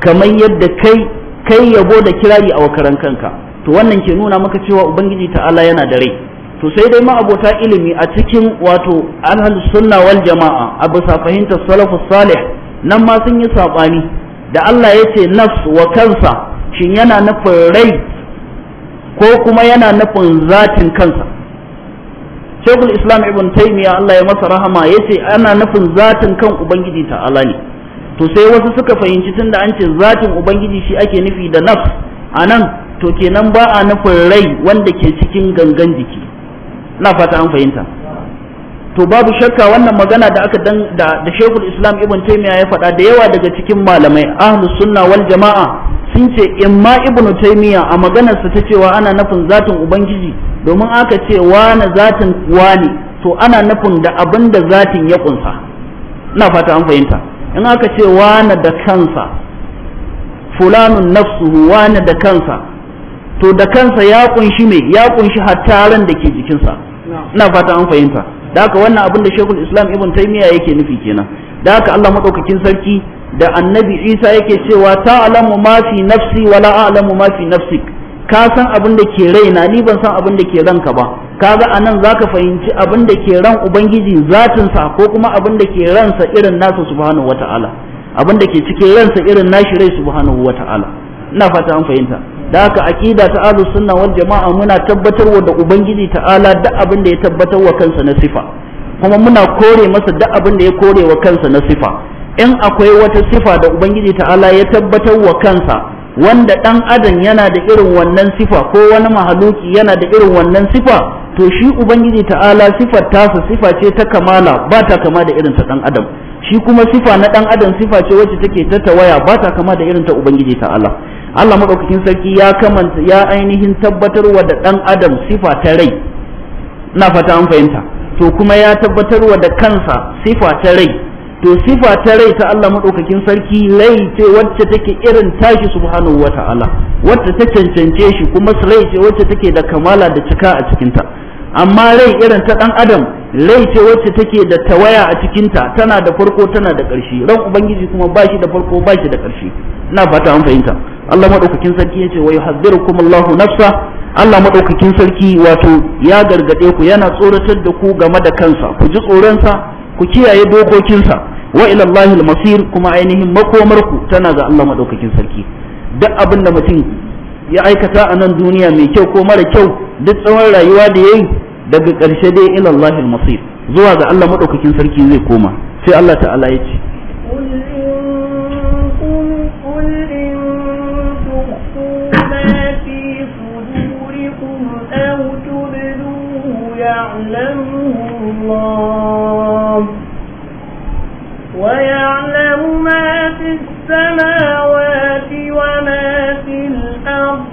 [SPEAKER 1] kamar yadda kai kai yabo da kirari a wakaran kanka to wannan ke nuna maka cewa ubangiji ta'ala yana da rai to sai dai ma'abota ilimi a cikin wato ahlus sunna wal jama'a a bisa fahimtar salafus salih nan ma sun yi sabani da Allah ya ce nafs wa kansa shin yana nufin rai ko kuma yana nufin zatin kansa shekul islam ibn taimiyya allah ya masa rahama ya ce ana nufin zatin kan ubangiji ta'ala ne to sai wasu suka fahimci tunda an ce zatin ubangiji shi ake nufi da naf a nan to kenan ba a nufin rai wanda ke cikin gangan jiki na fata an fahimta to babu shakka wannan magana da aka dan da, da shekul islam ibn taimiyya ya faɗa da yawa daga cikin malamai ahlus sunna wal jama'a sun ce in ma ibnu taymiya a maganarsa ta cewa ana nufin zatin ubangiji domin aka ce na zatin wani to ana nufin da abin da zatin ya kunsa ina fata an fahimta in aka ce na da kansa fulanun nafsuhu wani da kansa to da kansa ya kunshi me ya kunshi hatta ran da ke jikinsa ina fata an fahimta da haka wannan abin da shekul islam ibn taymiya yake nufi kenan da haka Allah madaukakin sarki da annabi isa yake cewa alamu ma fi nafsi wala a'lamu ma fi nafsi. ka san abin da ke raina ni ban san abin da ke ranka ba ka ga anan zaka fahimci abin da ke ran ubangiji zatinsa ko kuma abin da ke ransa irin nasa subhanahu wataala abin da ke cikin ransa irin nashi rai subhanahu wataala ina fata an fahimta da haka aqida ta ahlus sunna wal jama'a muna tabbatarwa da ubangiji ta'ala duk abin da ya tabbatar wa kansa na sifa kuma muna kore masa duk abin da ya kore wa kansa na sifa in akwai wata sifa da ubangiji ta'ala ya tabbatar wa kansa wanda dan adam yana da irin wannan sifa ko wani mahaluki yana da irin wannan sifa to shi ubangiji ta'ala sifar tasa sifa ce ta kamala ba ta kama da irin ta dan adam shi kuma sifa na dan adam sifa ce wacce take ta tawaya ba ta kama da irin ta ubangiji ta'ala Allah madaukakin sarki ya kamanta ya ainihin tabbatarwa da dan adam sifa ta rai na fata an fahimta to kuma ya tabbatarwa da kansa sifa ta rai to sifa ta rai ta Allah madaukakin sarki rai ce wacce take irin tashi subhanahu wata'ala wacce ta cancance shi kuma rai ce wacce take da kamala da cika a cikinta amma rai irin ta dan adam rai ce wacce take da tawaya a cikinta tana da farko tana da ƙarshe ran ubangiji kuma ba shi da farko ba shi da ƙarshe ina fata an fahimta Allah maɗaukakin sarki ce wa yuhadhdhirukum Allahu nafsa Allah maɗaukakin sarki wato ya gargade ku yana tsoratar da ku game da kansa ku ji tsoron sa ku kiyaye dokokinsa wa ila Allahi al-masir kuma ainihin makomar ku tana ga Allah maɗaukakin sarki duk abin da mutum ya aikata a nan duniya mai kyau ko mara kyau duk tsawon rayuwa da yayi daga ƙarshe dai ila Allahi al-masir zuwa ga Allah maɗaukakin sarki zai koma sai Allah ta'ala ya ce
[SPEAKER 2] الأرحام ويعلم ما في السماوات وما في الأرض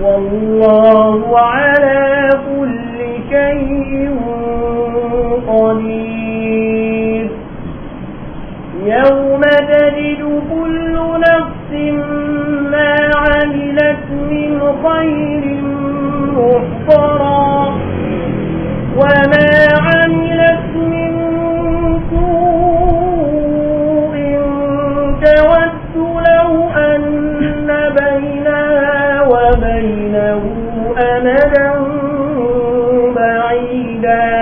[SPEAKER 2] والله على كل شيء قدير يوم تجد كل نفس ما عملت من خير محضرا وما عملت من سوء تود لو أن بينها وبينه أمدا بعيدا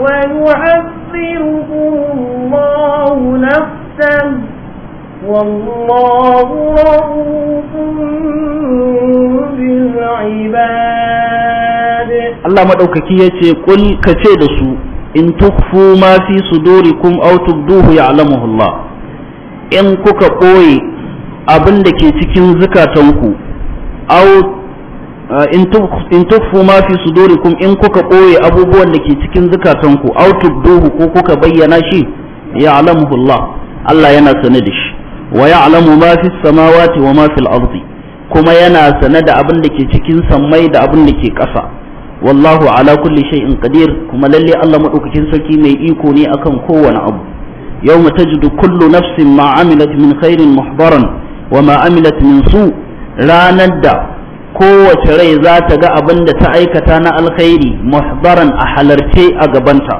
[SPEAKER 2] ويعذركم الله نفسا والله رؤوف بالعباد
[SPEAKER 1] Allah maɗaukaki ya ce kul ka ce da su in tukfu ma fi sudurikum aw tubduhu ya'lamuhu Allah in kuka ɓoye abin da ke cikin zukatanku aw uh, in tukfu ma fi sudurikum in kuka ɓoye abubuwan da ke cikin zukatanku aw tubduhu ko kuka bayyana shi ya'lamuhu Allah Allah yana sane da shi wa ya'lamu ma fi samawati wa ma al ardi kuma yana sane da abin da ke cikin sammai da abin da ke ƙasa wallahu ala kulli shay'in qadir kuma lalle Allah madaukakin sarki mai iko ne akan kowane abu yawma tajidu kullu nafsin ma amilat min khairin muhbaran wa ma amilat ranar da kowace rai za ta ga abin da ta aikata na alkhairi muhbaran a halarci a gabanta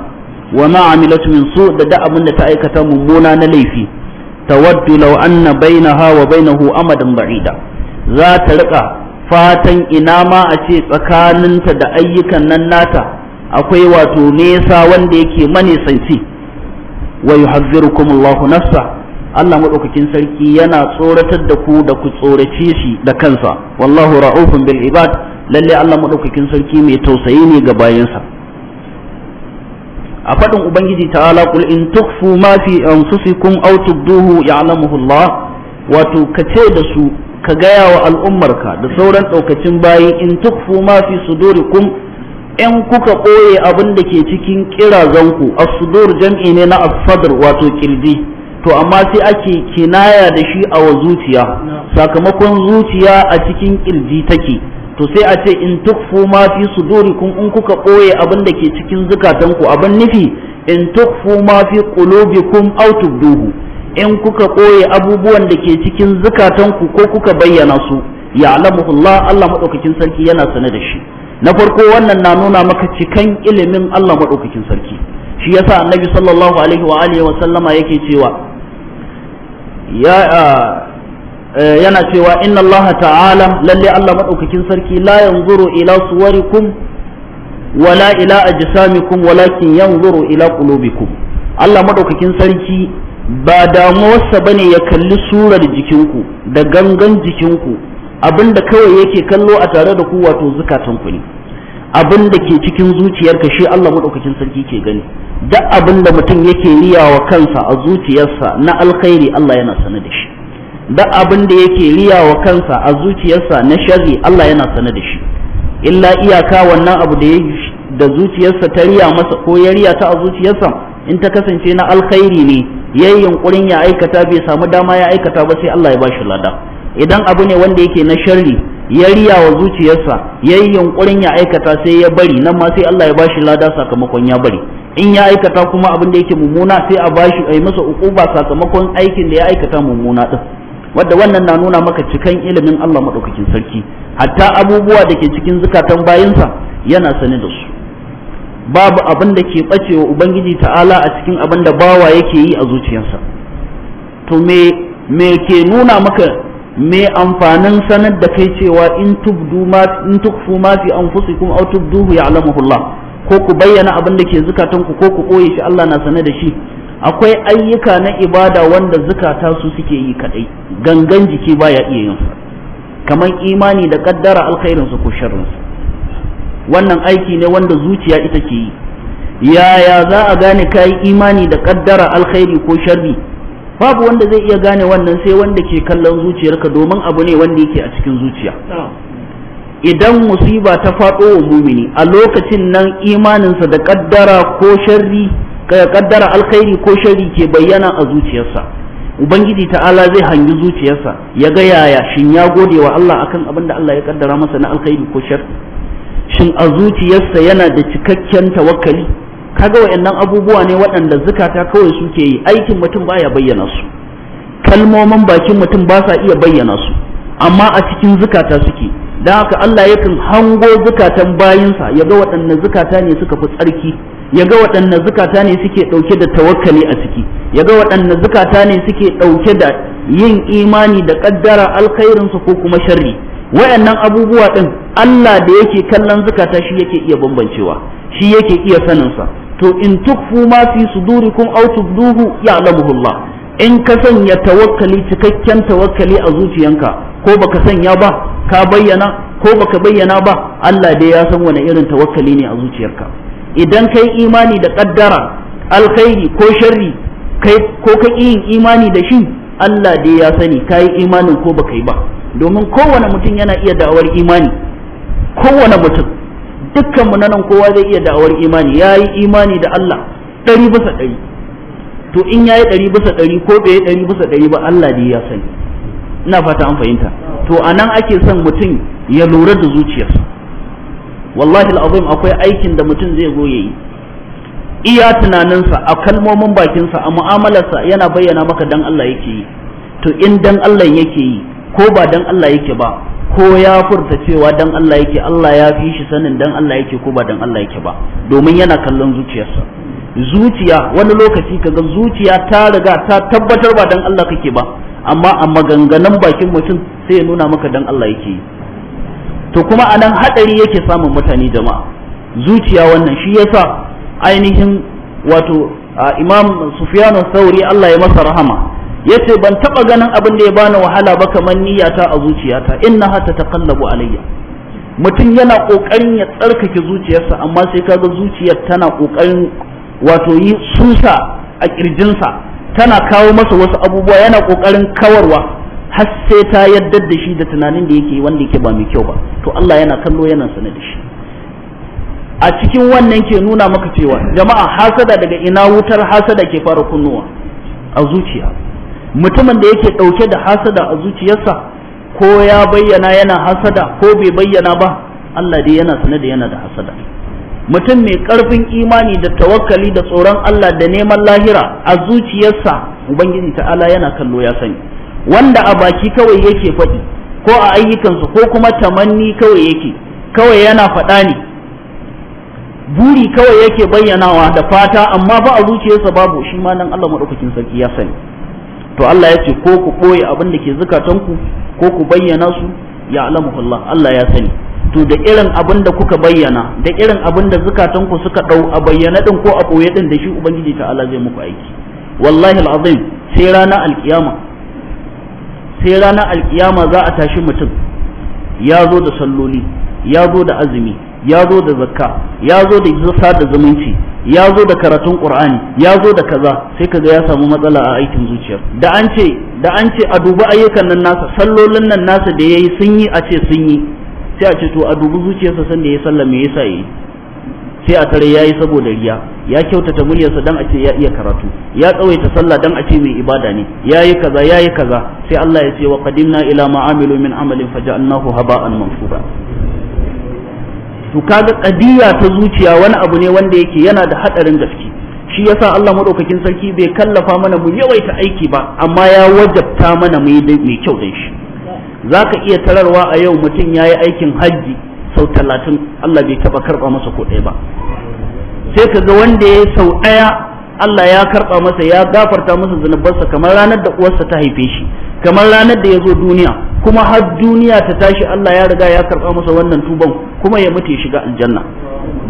[SPEAKER 1] wa ma amilat da da abin da ta aikata mummuna na laifi tawaddu law anna bainaha wa bainahu amadan ba'ida za ta rika fatan ina ma a ce tsakaninta da ayyukan nan nata akwai wato nesa wanda yake manisanci wa yuhazzirukum Allahu nafsa Allah madaukakin sarki yana tsoratar da ku da ku tsorace shi da kansa wallahu ra'ufun bil ibad lalle Allah madaukakin sarki mai tausayi ne ga bayansa a faɗin ubangiji ta'ala qul in tukfu ma fi anfusikum aw tubduhu ya'lamuhu Allah wato kace da su ka gaya wa al'ummarka da sauran ɗaukacin bayi in tukfu ma fi sudurikum in kuka ɓoye abin da ke cikin kirazanku as-sudur jam'i ne na as wato kirji to amma sai ake kinaya da shi a wa zuciya sakamakon zuciya a cikin kirji take to sai a ce in tukfu ma fi sudurikum in kuka ɓoye abin da ke cikin zukatanku abin nufi in tukfu ma fi qulubikum aw tubduhu in kuka koye abubuwan da ke cikin zukatanku ko kuka bayyana su ya'lamuhullah Allah madaukakin sarki yana sane da shi na farko wannan na nuna maka cikan ilimin Allah madaukakin sarki shi yasa annabi sallallahu alaihi wa alihi wa sallama yake cewa ya yana cewa inna Allah ta'ala lalle Allah madaukakin sarki la yanzuru ila suwarikum wala ila ajsamikum walakin yanzuru ila qulubikum Allah madaukakin sarki ba damuwarsa bane ya kalli surar jikinku da gangan jikinku abinda kawai yake kallo a tare da ku wato zukatanku ne abin da ke cikin zuciyarka shi Allah maɗaukakin sarki ke gani duk abin da mutum yake riya wa kansa a zuciyarsa na alkhairi Allah yana sane da shi duk abin da yake riya wa kansa a zuciyarsa na sharri Allah yana sane da shi illa iyaka wannan abu da da zuciyarsa ta riya masa ko ya riya ta a zuciyarsa in ta kasance na alkhairi ne yi yunkurin ya aikata bai samu dama ya aikata ba sai Allah ya bashi lada idan abu ne wanda yake na sharri ya riya wa zuciyarsa yayi yunkurin ya aikata sai ya bari nan ma sai Allah ya bashi lada sakamakon ya bari in ya aikata kuma abin da yake mummuna sai a bashi a yi masa ukuba sakamakon aikin da ya aikata mummuna din wadda wannan na nuna maka cikan ilimin Allah madaukakin sarki hatta abubuwa da ke cikin zukatan bayinsa yana sane da su babu abin da ke bacewa ubangiji ta'ala a cikin abin da bawa yake yi a zuciyarsa to me me ke nuna maka me amfanin sanar da kai cewa in tubdu ma in tukfu ma fi anfusikum aw tubduhu ya'lamuhu Allah ko ku bayyana abin da ke ku ko ku koye shi Allah na sane da shi akwai ayyuka na ibada wanda zukata su suke yi kadai gangan jiki baya iya yin kamar imani da kaddara alkhairin su ko sharrin su wannan aiki ne wanda zuciya ita ke yi yaya za a gane ka imani da kaddara alkhairi ko sharri babu wanda zai iya gane wannan sai wanda ke kallon zuciyarka domin abu ne wanda yake a cikin zuciya idan musiba ta faɗo wa mumini a lokacin nan imaninsa da kaddara ko sharri kaddara alkhairi ko sharri ke bayyana a zuciyarsa ubangiji ta'ala zai hangi zuciyarsa ya ga yaya shin ya gode wa Allah akan abin da Allah ya kaddara masa na alkhairi ko sharri shin a zuciyarsa yana da cikakken tawakkali kaga wayannan abubuwa ne waɗanda zukata kawai suke yi aikin mutum baya bayyana su kalmomin bakin mutum ba sa iya bayyana su amma a cikin zukata suke Dan haka Allah yakan hango zukatan bayinsa ya ga waɗanne zukata ne suka fi tsarki ya ga waɗanne zukata ne suke ɗauke da tawakkali a ciki ya ga waɗanne zukata ne suke ɗauke da yin imani da ƙaddara alkhairinsa ko kuma sharri wayannan abubuwa din Allah da yake kallon zukata shi yake iya bambancewa shi yake iya sanin sa to in tukfu ma fi sudurikum aw tubduhu ya'lamuhu Allah in ka sanya tawakkali cikakken tawakkali a zuciyanka ko baka sanya ba ka bayyana ko baka bayyana ba Allah da ya san wani irin tawakkali ne a zuciyarka idan kai imani da kaddara alkhairi ko sharri kai ko ka yin imani da shi Allah da ya sani kai imanin ko baka yi ba domin kowane mutum yana iya da'awar imani kowane mutum dukkan mu nan kowa zai iya da'awar imani yayi imani da Allah ɗari bisa ɗari to in yayi ɗari bisa ɗari ko bai yi ɗari bisa ɗari ba Allah ne ya sani ina fata an fahimta to anan ake son mutum ya lura da zuciyarsa wallahi al'azim akwai aikin da mutum zai zo yayi iya tunaninsa a kalmomin bakinsa a mu'amalarsa yana bayyana maka dan Allah yake yi to in dan Allah yake yi ko ba dan Allah yake ba ko ya furta cewa dan Allah yake Allah ya fi shi sanin dan Allah yake ko ba dan Allah yake ba domin yana kallon zuciyarsa zuciya wani lokaci ka ga zuciya ta riga ta tabbatar ba dan Allah kake ba amma a maganganun bakin mutum sai ya nuna maka dan Allah yake yi to kuma anan hadari yake samun mutane jama'a zuciya wannan shi yasa ainihin wato imam Sufyan sauri Allah ya masa rahama yace ban taba ganin abin da ya bani wahala ba kamar niyyata a zuciyata innaha tataqallabu alayya mutum yana kokarin ya tsarkake zuciyarsa amma sai kaga zuciyar tana kokarin wato yi susa a kirjinsa tana kawo masa wasu abubuwa yana kokarin kawarwa har sai ta yarda da shi da tunanin da yake wanda yake ba mai kyau ba to Allah yana kallo yana sanar da shi a cikin wannan ke nuna maka cewa jama'a hasada daga ina wutar hasada ke fara kunnuwa a zuciya mutumin da yake ɗauke da hasada a zuciyarsa ko ya bayyana yana hasada ko bai bayyana ba Allah dai yana sane da yana da hasada mutum mai ƙarfin imani da tawakkali da tsoron Allah da neman lahira a zuciyarsa ubangiji ta'ala yana kallo ya sani wanda a baki kawai yake faɗi ko a ayyukansa ko kuma tamanni kawai yake kawai yana faɗa ne buri kawai yake bayyanawa da fata amma ba a zuciyarsa babu shi ma nan Allah madaukakin sarki ya sani to Allah ya ce ko ku ɓoye abin da ke zukatanku ko ku bayyana su ya Allah Allah ya sani to da irin abin da kuka bayyana da irin abin da zukatanku suka ɗau a bayyana ɗin ko a ɓoye ɗin da shi ubangiji ta Allah zai muku aiki wallahi alazim sai rana alkiyama sai rana alkiyama za a tashi mutum ya zo da salloli ya zo da azumi ya zo da zakka ya zo da zasa da zumunci ya zo da karatun qur'ani ya zo da kaza sai kaga ya samu matsala a aikin zuciya da an ce da an ce a dubi ayyukan nan nasa sallolin nan nasa da yayi sun yi a ce sun yi sai a ce to a dubi zuciyarsa san da ya sallah me yasa yi sai a tare yayi saboda riya ya kyautata muryarsa dan a ce ya iya karatu ya tsawaita sallah dan a ce mai ibada ne yayi kaza yayi kaza sai Allah ya ce wa qadimna ila ma min amalin faja'alnahu haba'an mansura to kaga qadiya ta zuciya wani abu ne wanda yake yana da hadarin gaske shi yasa Allah madaukakin sarki bai kallafa mana mu yawaita aiki ba amma ya wajabta mana mu mai kyau da shi zaka iya tararwa a yau mutum yayi aikin hajji sau talatin Allah bai taba karba masa ko ɗaya ba sai kaga wanda ya sau ɗaya Allah ya karba masa ya gafarta masa zunubansa kamar ranar da uwarsa ta haife shi kamar ranar da ya zo duniya kuma har duniya ta tashi Allah ya riga ya karɓa masa wannan tuban kuma ya mutu ya shiga aljanna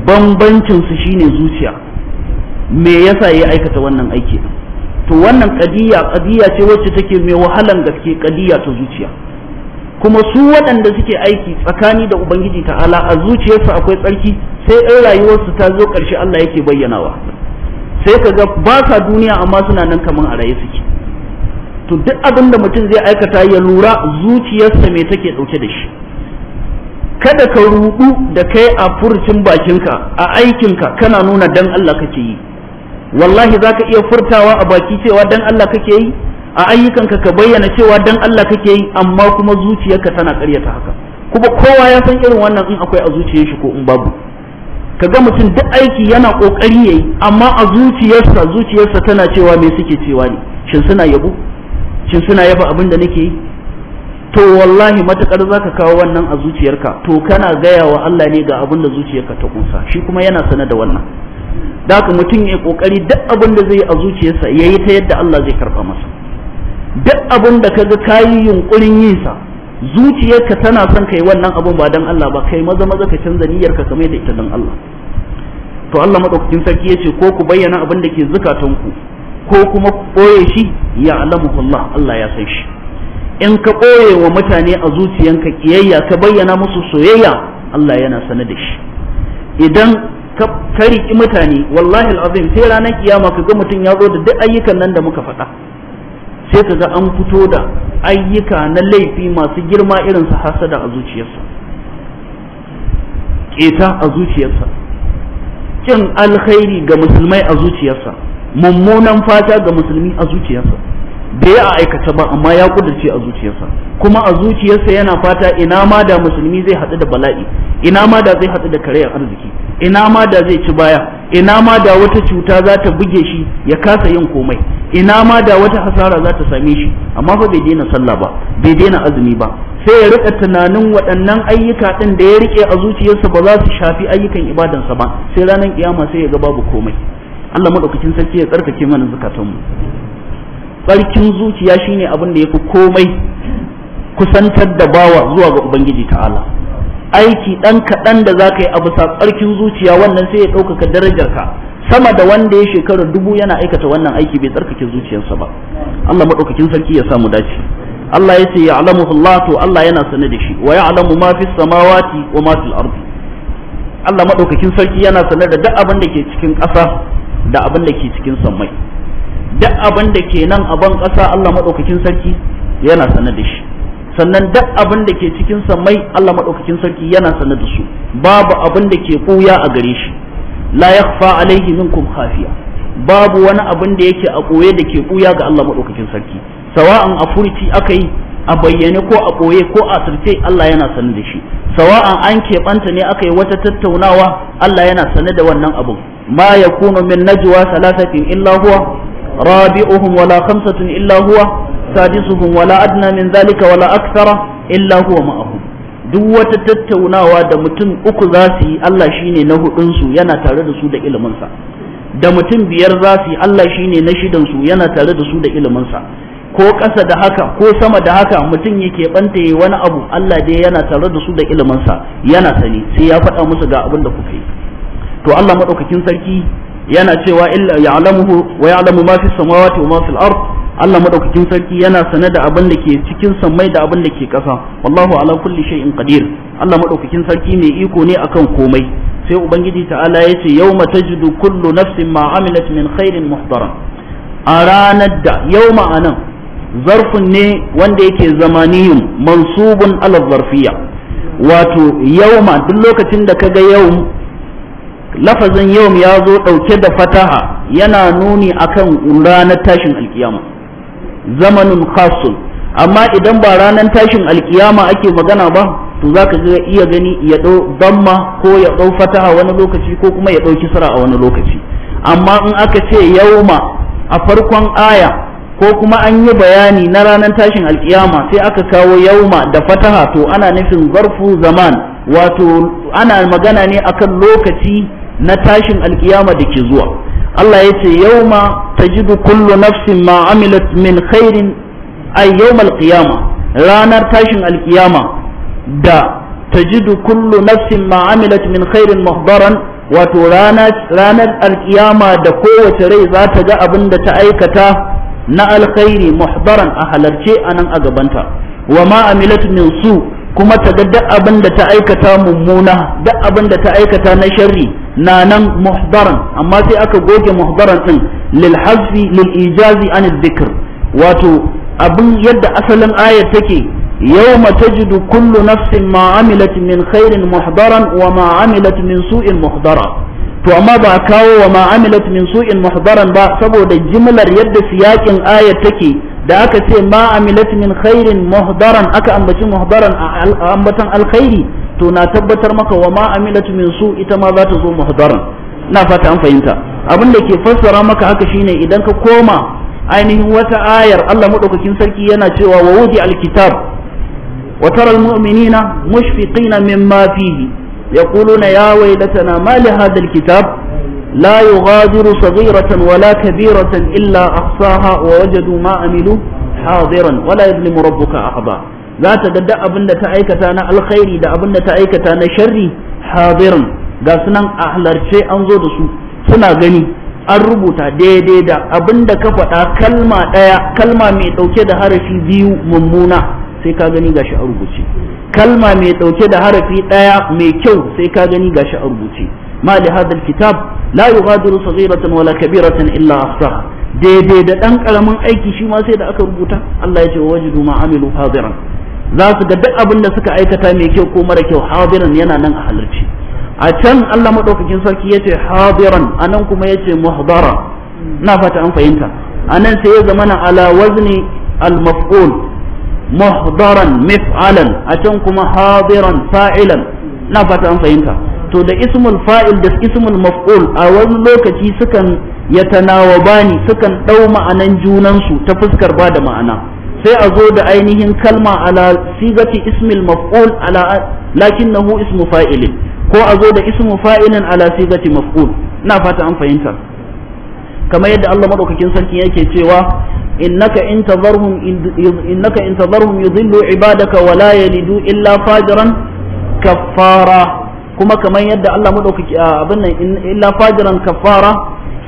[SPEAKER 1] bambancin su shine zuciya me yasa ya aikata wannan aiki to wannan kadiya kadiya ce wacce take mai wahalan gaske kadiya ta zuciya kuma su waɗanda suke aiki tsakani da ubangiji ta'ala a zuciyarsu akwai tsarki sai in rayuwarsu ta zo ƙarshe Allah yake bayyanawa sai kaga ba sa duniya amma suna nan kaman a raye suke to duk abin da mutum zai aikata ya lura zuciyarsa me take dauke da shi kada ka rudu da kai a furcin bakinka a aikinka kana nuna dan Allah kake yi wallahi zaka iya furtawa a baki cewa dan Allah kake yi a ayyukanka ka bayyana cewa dan Allah kake yi amma kuma zuciyarka tana ƙaryata haka kuma kowa ya san irin wannan in akwai a zuciyar shi ko in babu kaga mutum duk aiki yana kokari yayi amma a zuciyarsa zuciyarsa tana cewa me suke cewa ne shin suna yabo shin suna yaba abin da nake yi to wallahi matakar ka kawo wannan a zuciyarka to kana gaya wa Allah ne ga abin da zuciyarka ta kusa shi kuma yana sana da wannan da haka mutum ya kokari duk abin da zai a zuciyarsa ya yi ta yadda Allah zai karɓa masa duk abin da kaga kayi yunkurin yin sa zuciyarka tana son kai wannan abin ba dan Allah ba kai maza maza ka canza niyyarka mai da ita dan Allah to Allah madaukakin sarki yace ko ku bayyana abin da ke zukatanku ko kuma ɓoye shi ya Allah Allah ya san shi in ka ɓoye wa mutane a zuciyanka kiyayya ka bayyana musu soyayya Allah yana sane da shi idan ka riƙi mutane wallahi al'azim sai ranar kiyama ka ga mutum ya zo da duk ayyukan nan da muka faɗa sai ka ga an fito da ayyuka na laifi masu girma irin su hasada a zuciyarsa ƙeta a zuciyarsa kin alkhairi ga musulmai a zuciyarsa mummunan fata ga musulmi a zuciyarsa da ya aikata ba amma ya kudurce a zuciyarsa kuma a zuciyarsa yana fata ina ma da musulmi zai haɗu da bala'i ina ma da zai haɗu da karayar arziki ina ma da zai ci baya ina ma da wata cuta za ta buge shi ya kasa yin komai ina ma da wata hasara za ta same shi amma fa bai daina sallah ba bai daina azumi ba sai ya rika tunanin waɗannan ayyuka ɗin da ya rike a zuciyarsa ba za su shafi ayyukan ibadansa ba sai ranar kiyama sai ya ga babu komai Allah madaukakin sarki ya tsarkake mana zukatanmu tsarkin zuciya shine abin da yafi komai kusantar da bawa zuwa ga ubangiji ta'ala aiki dan kaɗan da za ka yi abu tsarkin zuciya wannan sai ya ɗaukaka darajarka sama da wanda ya shekara dubu yana aikata wannan aiki bai tsarkake zuciyarsa ba Allah madaukakin sarki ya samu dace Allah yace ya'lamu Allah to Allah yana sane da shi wa alamu ma fi samawati wa ma fil ardi Allah madaukakin sarki yana sane da duk abin da ke cikin ƙasa da abin da ke cikin sammai duk abin da ke nan a ban ƙasa Allah maɗaukakin sarki yana sanar da shi sannan duk abin da ke cikin sammai Allah maɗaukakin sarki yana sanar da su babu abin da ke ɓuya a gare shi la yakhfa alayhi minkum khafiya babu wani abin da yake a ɓoye da ke ɓuya ga Allah maɗaukakin sarki sawa'an a furci aka yi a bayyane ko a ɓoye ko a sirce Allah yana sanar da shi sawa'an an keɓanta ne aka yi wata tattaunawa Allah yana sanar da wannan abun ma yakunu min najwa salasatin illa huwa rabi'uhum wala khamsatin illa huwa sadisuhum wala adna min zalika wala akthara illa huwa ma'ahum duk wata tattaunawa da mutum uku za su yi Allah shine na hudun su yana tare da su da ilimin sa da mutum biyar za su yi Allah shine na shidan su yana tare da su da ilimin sa ko ƙasa da haka ko sama da haka mutum ya ɓanta ya wani abu Allah dai yana tare da su da iliminsa yana sani sai ya faɗa musu ga abin da kuka yi to Allah maɗaukakin sarki yana cewa illa ya'lamuhu wa ya'lamu ma fi samawati wa ma fil ard Allah maɗaukakin sarki yana sane da abin da ke cikin sammai da abin da ke ƙasa wallahu ala kulli shay'in qadir Allah maɗaukakin sarki mai iko ne akan komai sai ubangiji ta'ala yace yawma tajidu kullu nafsin ma amilat min khairin muhdara. a ranar da yau ma'anan zarfun ne wanda yake zamaniyun mansubun ala zarfiya wato yauma duk lokacin da kaga yau lafazin yau ya zo ɗauke da fataha yana nuni akan ranar tashin alkiyama zamanin khasul amma idan ba ranar tashin alkiyama ake magana ba to za ka iya gani ya ɗau damma ko ya ɗau fataha wani lokaci ko kuma ya ɗau kisra a wani lokaci amma in aka ce yauma a farkon aya ko kuma an yi bayani na ranar tashin alkiyama sai aka kawo yauma da fataha to ana nufin zarfu zaman wato ana magana ne akan lokaci na tashin alkiyama da ke zuwa Allah ya ce yauma tajidu kullu nafsin ma min khairin ay yawm alqiyama ranar tashin alkiyama da tajidu kullu nafsin ma min khairin muhdaran wato ranar alkiyama da kowace rai za ta ga abin da ta aikata na alkhairi muhdaran a halarce anan a gabanta wa ma amilat min su kuma ta ga duk abin da ta aikata mummuna duk abin da ta aikata na sharri na nan muhdaran amma sai aka goge muhdaran din lil hazfi lil ijazi an dhikr wato abin yadda asalin ayar take يوم تجد كل نفس ما min من muhbaran wa وما عملت min su'in muhdara to amma ba a kawo wa ma amilat min su'in muhdaran ba saboda jimlar yadda siyakin aya take da aka ce ma min khairin muhdaran aka ambaci muhdaran ambatan alkhairi to na tabbatar maka wa ma amilat min su ita ma za ta zo muhdaran na fata an fahimta abin da ke fassara maka haka shine idan ka koma ainihin wata ayar Allah madaukakin sarki yana cewa wa wudi alkitab wa tara almu'minina mushfiqina mimma fihi يقولون يا ويلتنا ما لهذا الكتاب لا wala صغيرة illa كبيرة إلا أحصاها ووجدوا ما عملوا حاضرا ولا يظلم ربك أحدا za ta dadda abin da ta aikata na alkhairi da abin da ta aikata na sharri hadirin ga sunan a halarce an zo da su suna gani an rubuta daidai da abin da ka faɗa kalma ɗaya kalma mai ɗauke da harafi biyu mummuna sai ka gani gashi a rubuce kalma mai ɗauke da harafi ɗaya mai kyau sai ka gani gashi a rubuce ma li hadal kitab la yughadiru saghiratan wala kabiratan illa ahsaha daidai da ɗan ƙaramin aiki shi ma sai da aka rubuta Allah ya ce wa wajidu ma amilu hadiran za su ga duk abin da suka aikata mai kyau ko mara kyau hadiran yana nan a halarci a can Allah madaukakin sarki yace hadiran anan kuma yace muhdara na fata an fahimta anan sai ya zama na ala wazni al maf'ul muhdaran mif'alan a can kuma hadiran fa'ilan na fata an fahimta to da ismul fa'il da ismul maf'ul a wani lokaci sukan bani sukan ɗau ma'anan junansu ta fuskar ba da ma'ana sai a zo da ainihin kalma ala sigati ismil maf'ul ala lakinnahu ismu fa'ilin ko a zo da ismu fa'ilin ala sigati maf'ul na fata an fahimta kamar yadda Allah madaukakin sarki yake cewa innaka in tadharhum innaka in tadharhum yudhillu ibadaka wa la yalidu illa fajiran kaffara kuma kamar yadda Allah madaukaki abin nan illa fajiran kaffara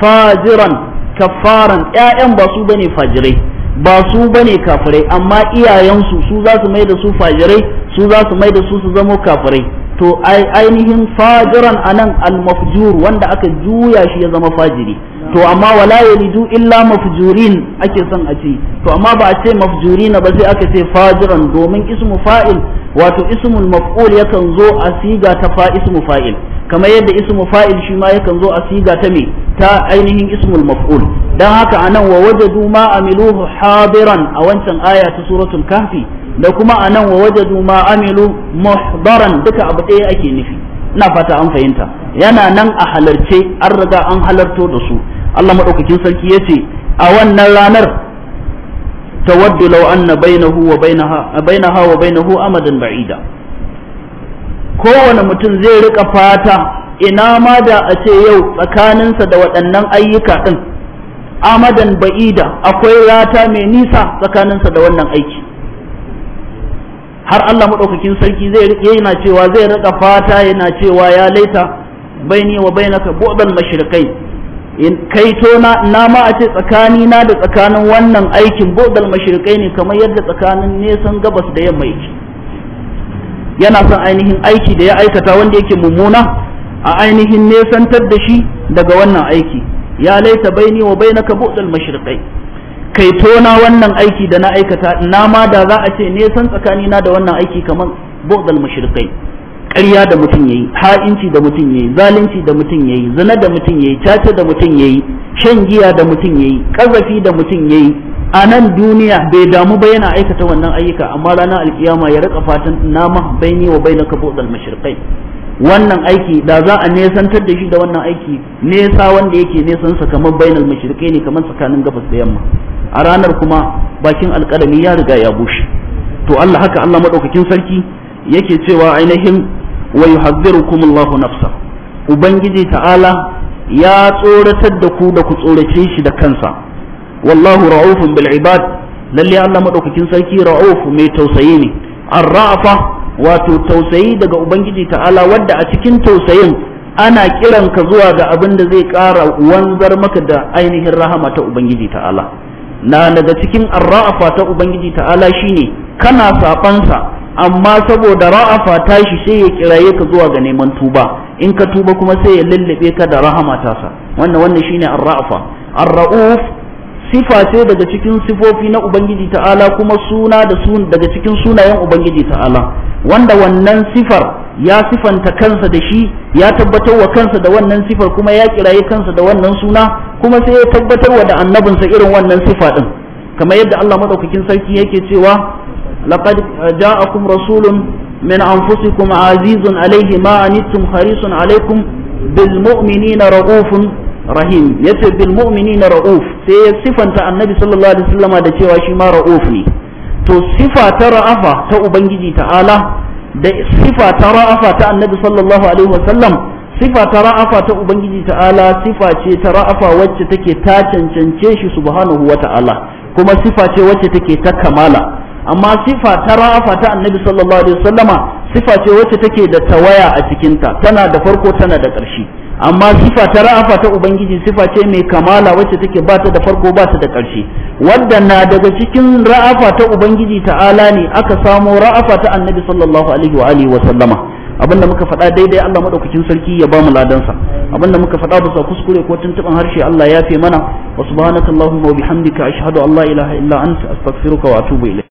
[SPEAKER 1] fajiran kaffaran ƴaƴan ba su bane fajirai ba su bane kafirai amma iyayensu su za su mai da su fajirai su za su mai da su su zamo kafirai to ainihin fajiran anan al-mafjur wanda aka juya shi ya zama fajiri to amma wala yalidu illa mafjurin ake son a ce to amma ba a ce mafjurin ba sai aka ce fajiran domin ismu fa'il wato ismul maf'ul yakan zo a siga ta fa ismu fa'il kamar yadda ismu fa'il shi ma yakan zo a siga ta me ta ainihin ismul maf'ul dan haka anan wa wajadu ma amiluhu hadiran a wancan aya ta suratul kahfi da kuma anan wa wajadu ma amilu muhdaran duka abu ɗaya ake nufi ina fata an fahimta yana nan a halarce an riga an halarto da su Allah madaukakin sarki yace a wannan ranar tawaddu law anna bainahu wa bainaha bainaha wa bainahu amadan ba'ida kowane mutum zai rika fata ina ma da a ce yau tsakaninsa da waɗannan ayyuka ɗin amadan ba'ida akwai rata mai nisa tsakaninsa da wannan aiki har Allah madaukakin sarki zai yana cewa zai rika fata yana cewa ya laita baini wa bainaka bu'dan mashrikai in kaito na na ma a ce tsakani na da tsakanin wannan aikin bodal mashirkai ne kamar yadda tsakanin nesan gabas da yamma yake yana son ainihin aiki da ya aikata wanda yake mummuna a ainihin nesantar da shi daga wannan aiki ya laita baini wa bainaka bodal mashirkai kaito na wannan aiki da na aikata na ma da za a ce nesan tsakani na da wannan aiki kamar bodal mashirkai ƙarya da mutum yayi ha'inci da mutum yayi zalunci da mutum yayi zina da mutum yayi caca da mutum yayi shan giya da mutum yayi ƙazafi da mutum yayi a nan duniya bai damu ba yana aikata wannan ayyuka amma ranar alkiyama ya rika fatan na ma baini wa bainaka bu'dal mashirƙai. wannan aiki da za a nesantar da shi da wannan aiki nesa wanda yake nesan sa kamar bainal mashirƙai ne kamar tsakanin gabas da yamma a ranar kuma bakin alkalami ya riga ya bushe to Allah haka Allah madaukakin sarki yake cewa ainihin wa yuhadhdhirukum Allahu nafsa ubangiji ta'ala ya tsoratar da ku da ku tsorace shi da kansa wallahu ra'ufun bil ibad lalle Allah madaukakin sarki ra'uf mai tausayi ne arrafa wato tausayi daga ubangiji ta'ala wadda a cikin tausayin ana kiran ka zuwa ga abin da zai ƙara wanzar maka da ainihin rahama ta ubangiji ta'ala na daga cikin arrafa ta ubangiji ta'ala shine kana safansa. amma saboda ra'afa tashi sai ya kiraye ka zuwa ga neman tuba in ka tuba kuma sai ya lallabe ka da rahama tasa wannan wannan shine ar-ra'afa ar-ra'uf sifa ce daga cikin sifofi na ubangiji ta'ala kuma suna da sun daga cikin sunayen ubangiji ta'ala wanda wannan sifar ya sifanta kansa da shi ya tabbatar wa kansa da wannan sifar kuma ya kiraye kansa da wannan suna kuma sai ya tabbatar wa da annabinsa irin wannan sifa din kamar yadda Allah madaukakin sarki yake cewa لقد جاءكم رسول من أنفسكم عزيز عليه ما أنتم حريص عليكم بالمؤمنين رؤوف rahim ya ce bil mu'minina ra'uf sai ya sifanta annabi sallallahu alaihi wasallam da cewa shi ma ne to sifa ta ra'afa ta ubangiji ta'ala da sifa ta ra'afa ta annabi sallallahu alaihi wasallam sifa ta ra'afa ta ubangiji ta'ala sifa ta ra'afa wacce take ta cancance shi subhanahu wata'ala kuma siface ce wacce take ta kamala amma sifa ta rafa ta annabi sallallahu alaihi wasallama sifa ce wacce take da tawaya a cikinta tana da farko tana da ƙarshe amma sifa ta rafa ta ubangiji sifa ce mai kamala wacce take ba ta da farko ba ta da ƙarshe wadda na daga cikin ra'afa ta ubangiji ta'ala ne aka samo ra'afa ta annabi sallallahu alaihi wa alihi wa sallama abinda muka faɗa daidai Allah madaukakin sarki ya ba mu ladansa abinda muka faɗa ba sa kuskure ko tuntuɓin harshe Allah ya fi mana wa subhanakallahumma wa bihamdika ashhadu an la ilaha illa anta astaghfiruka wa atubu ilayk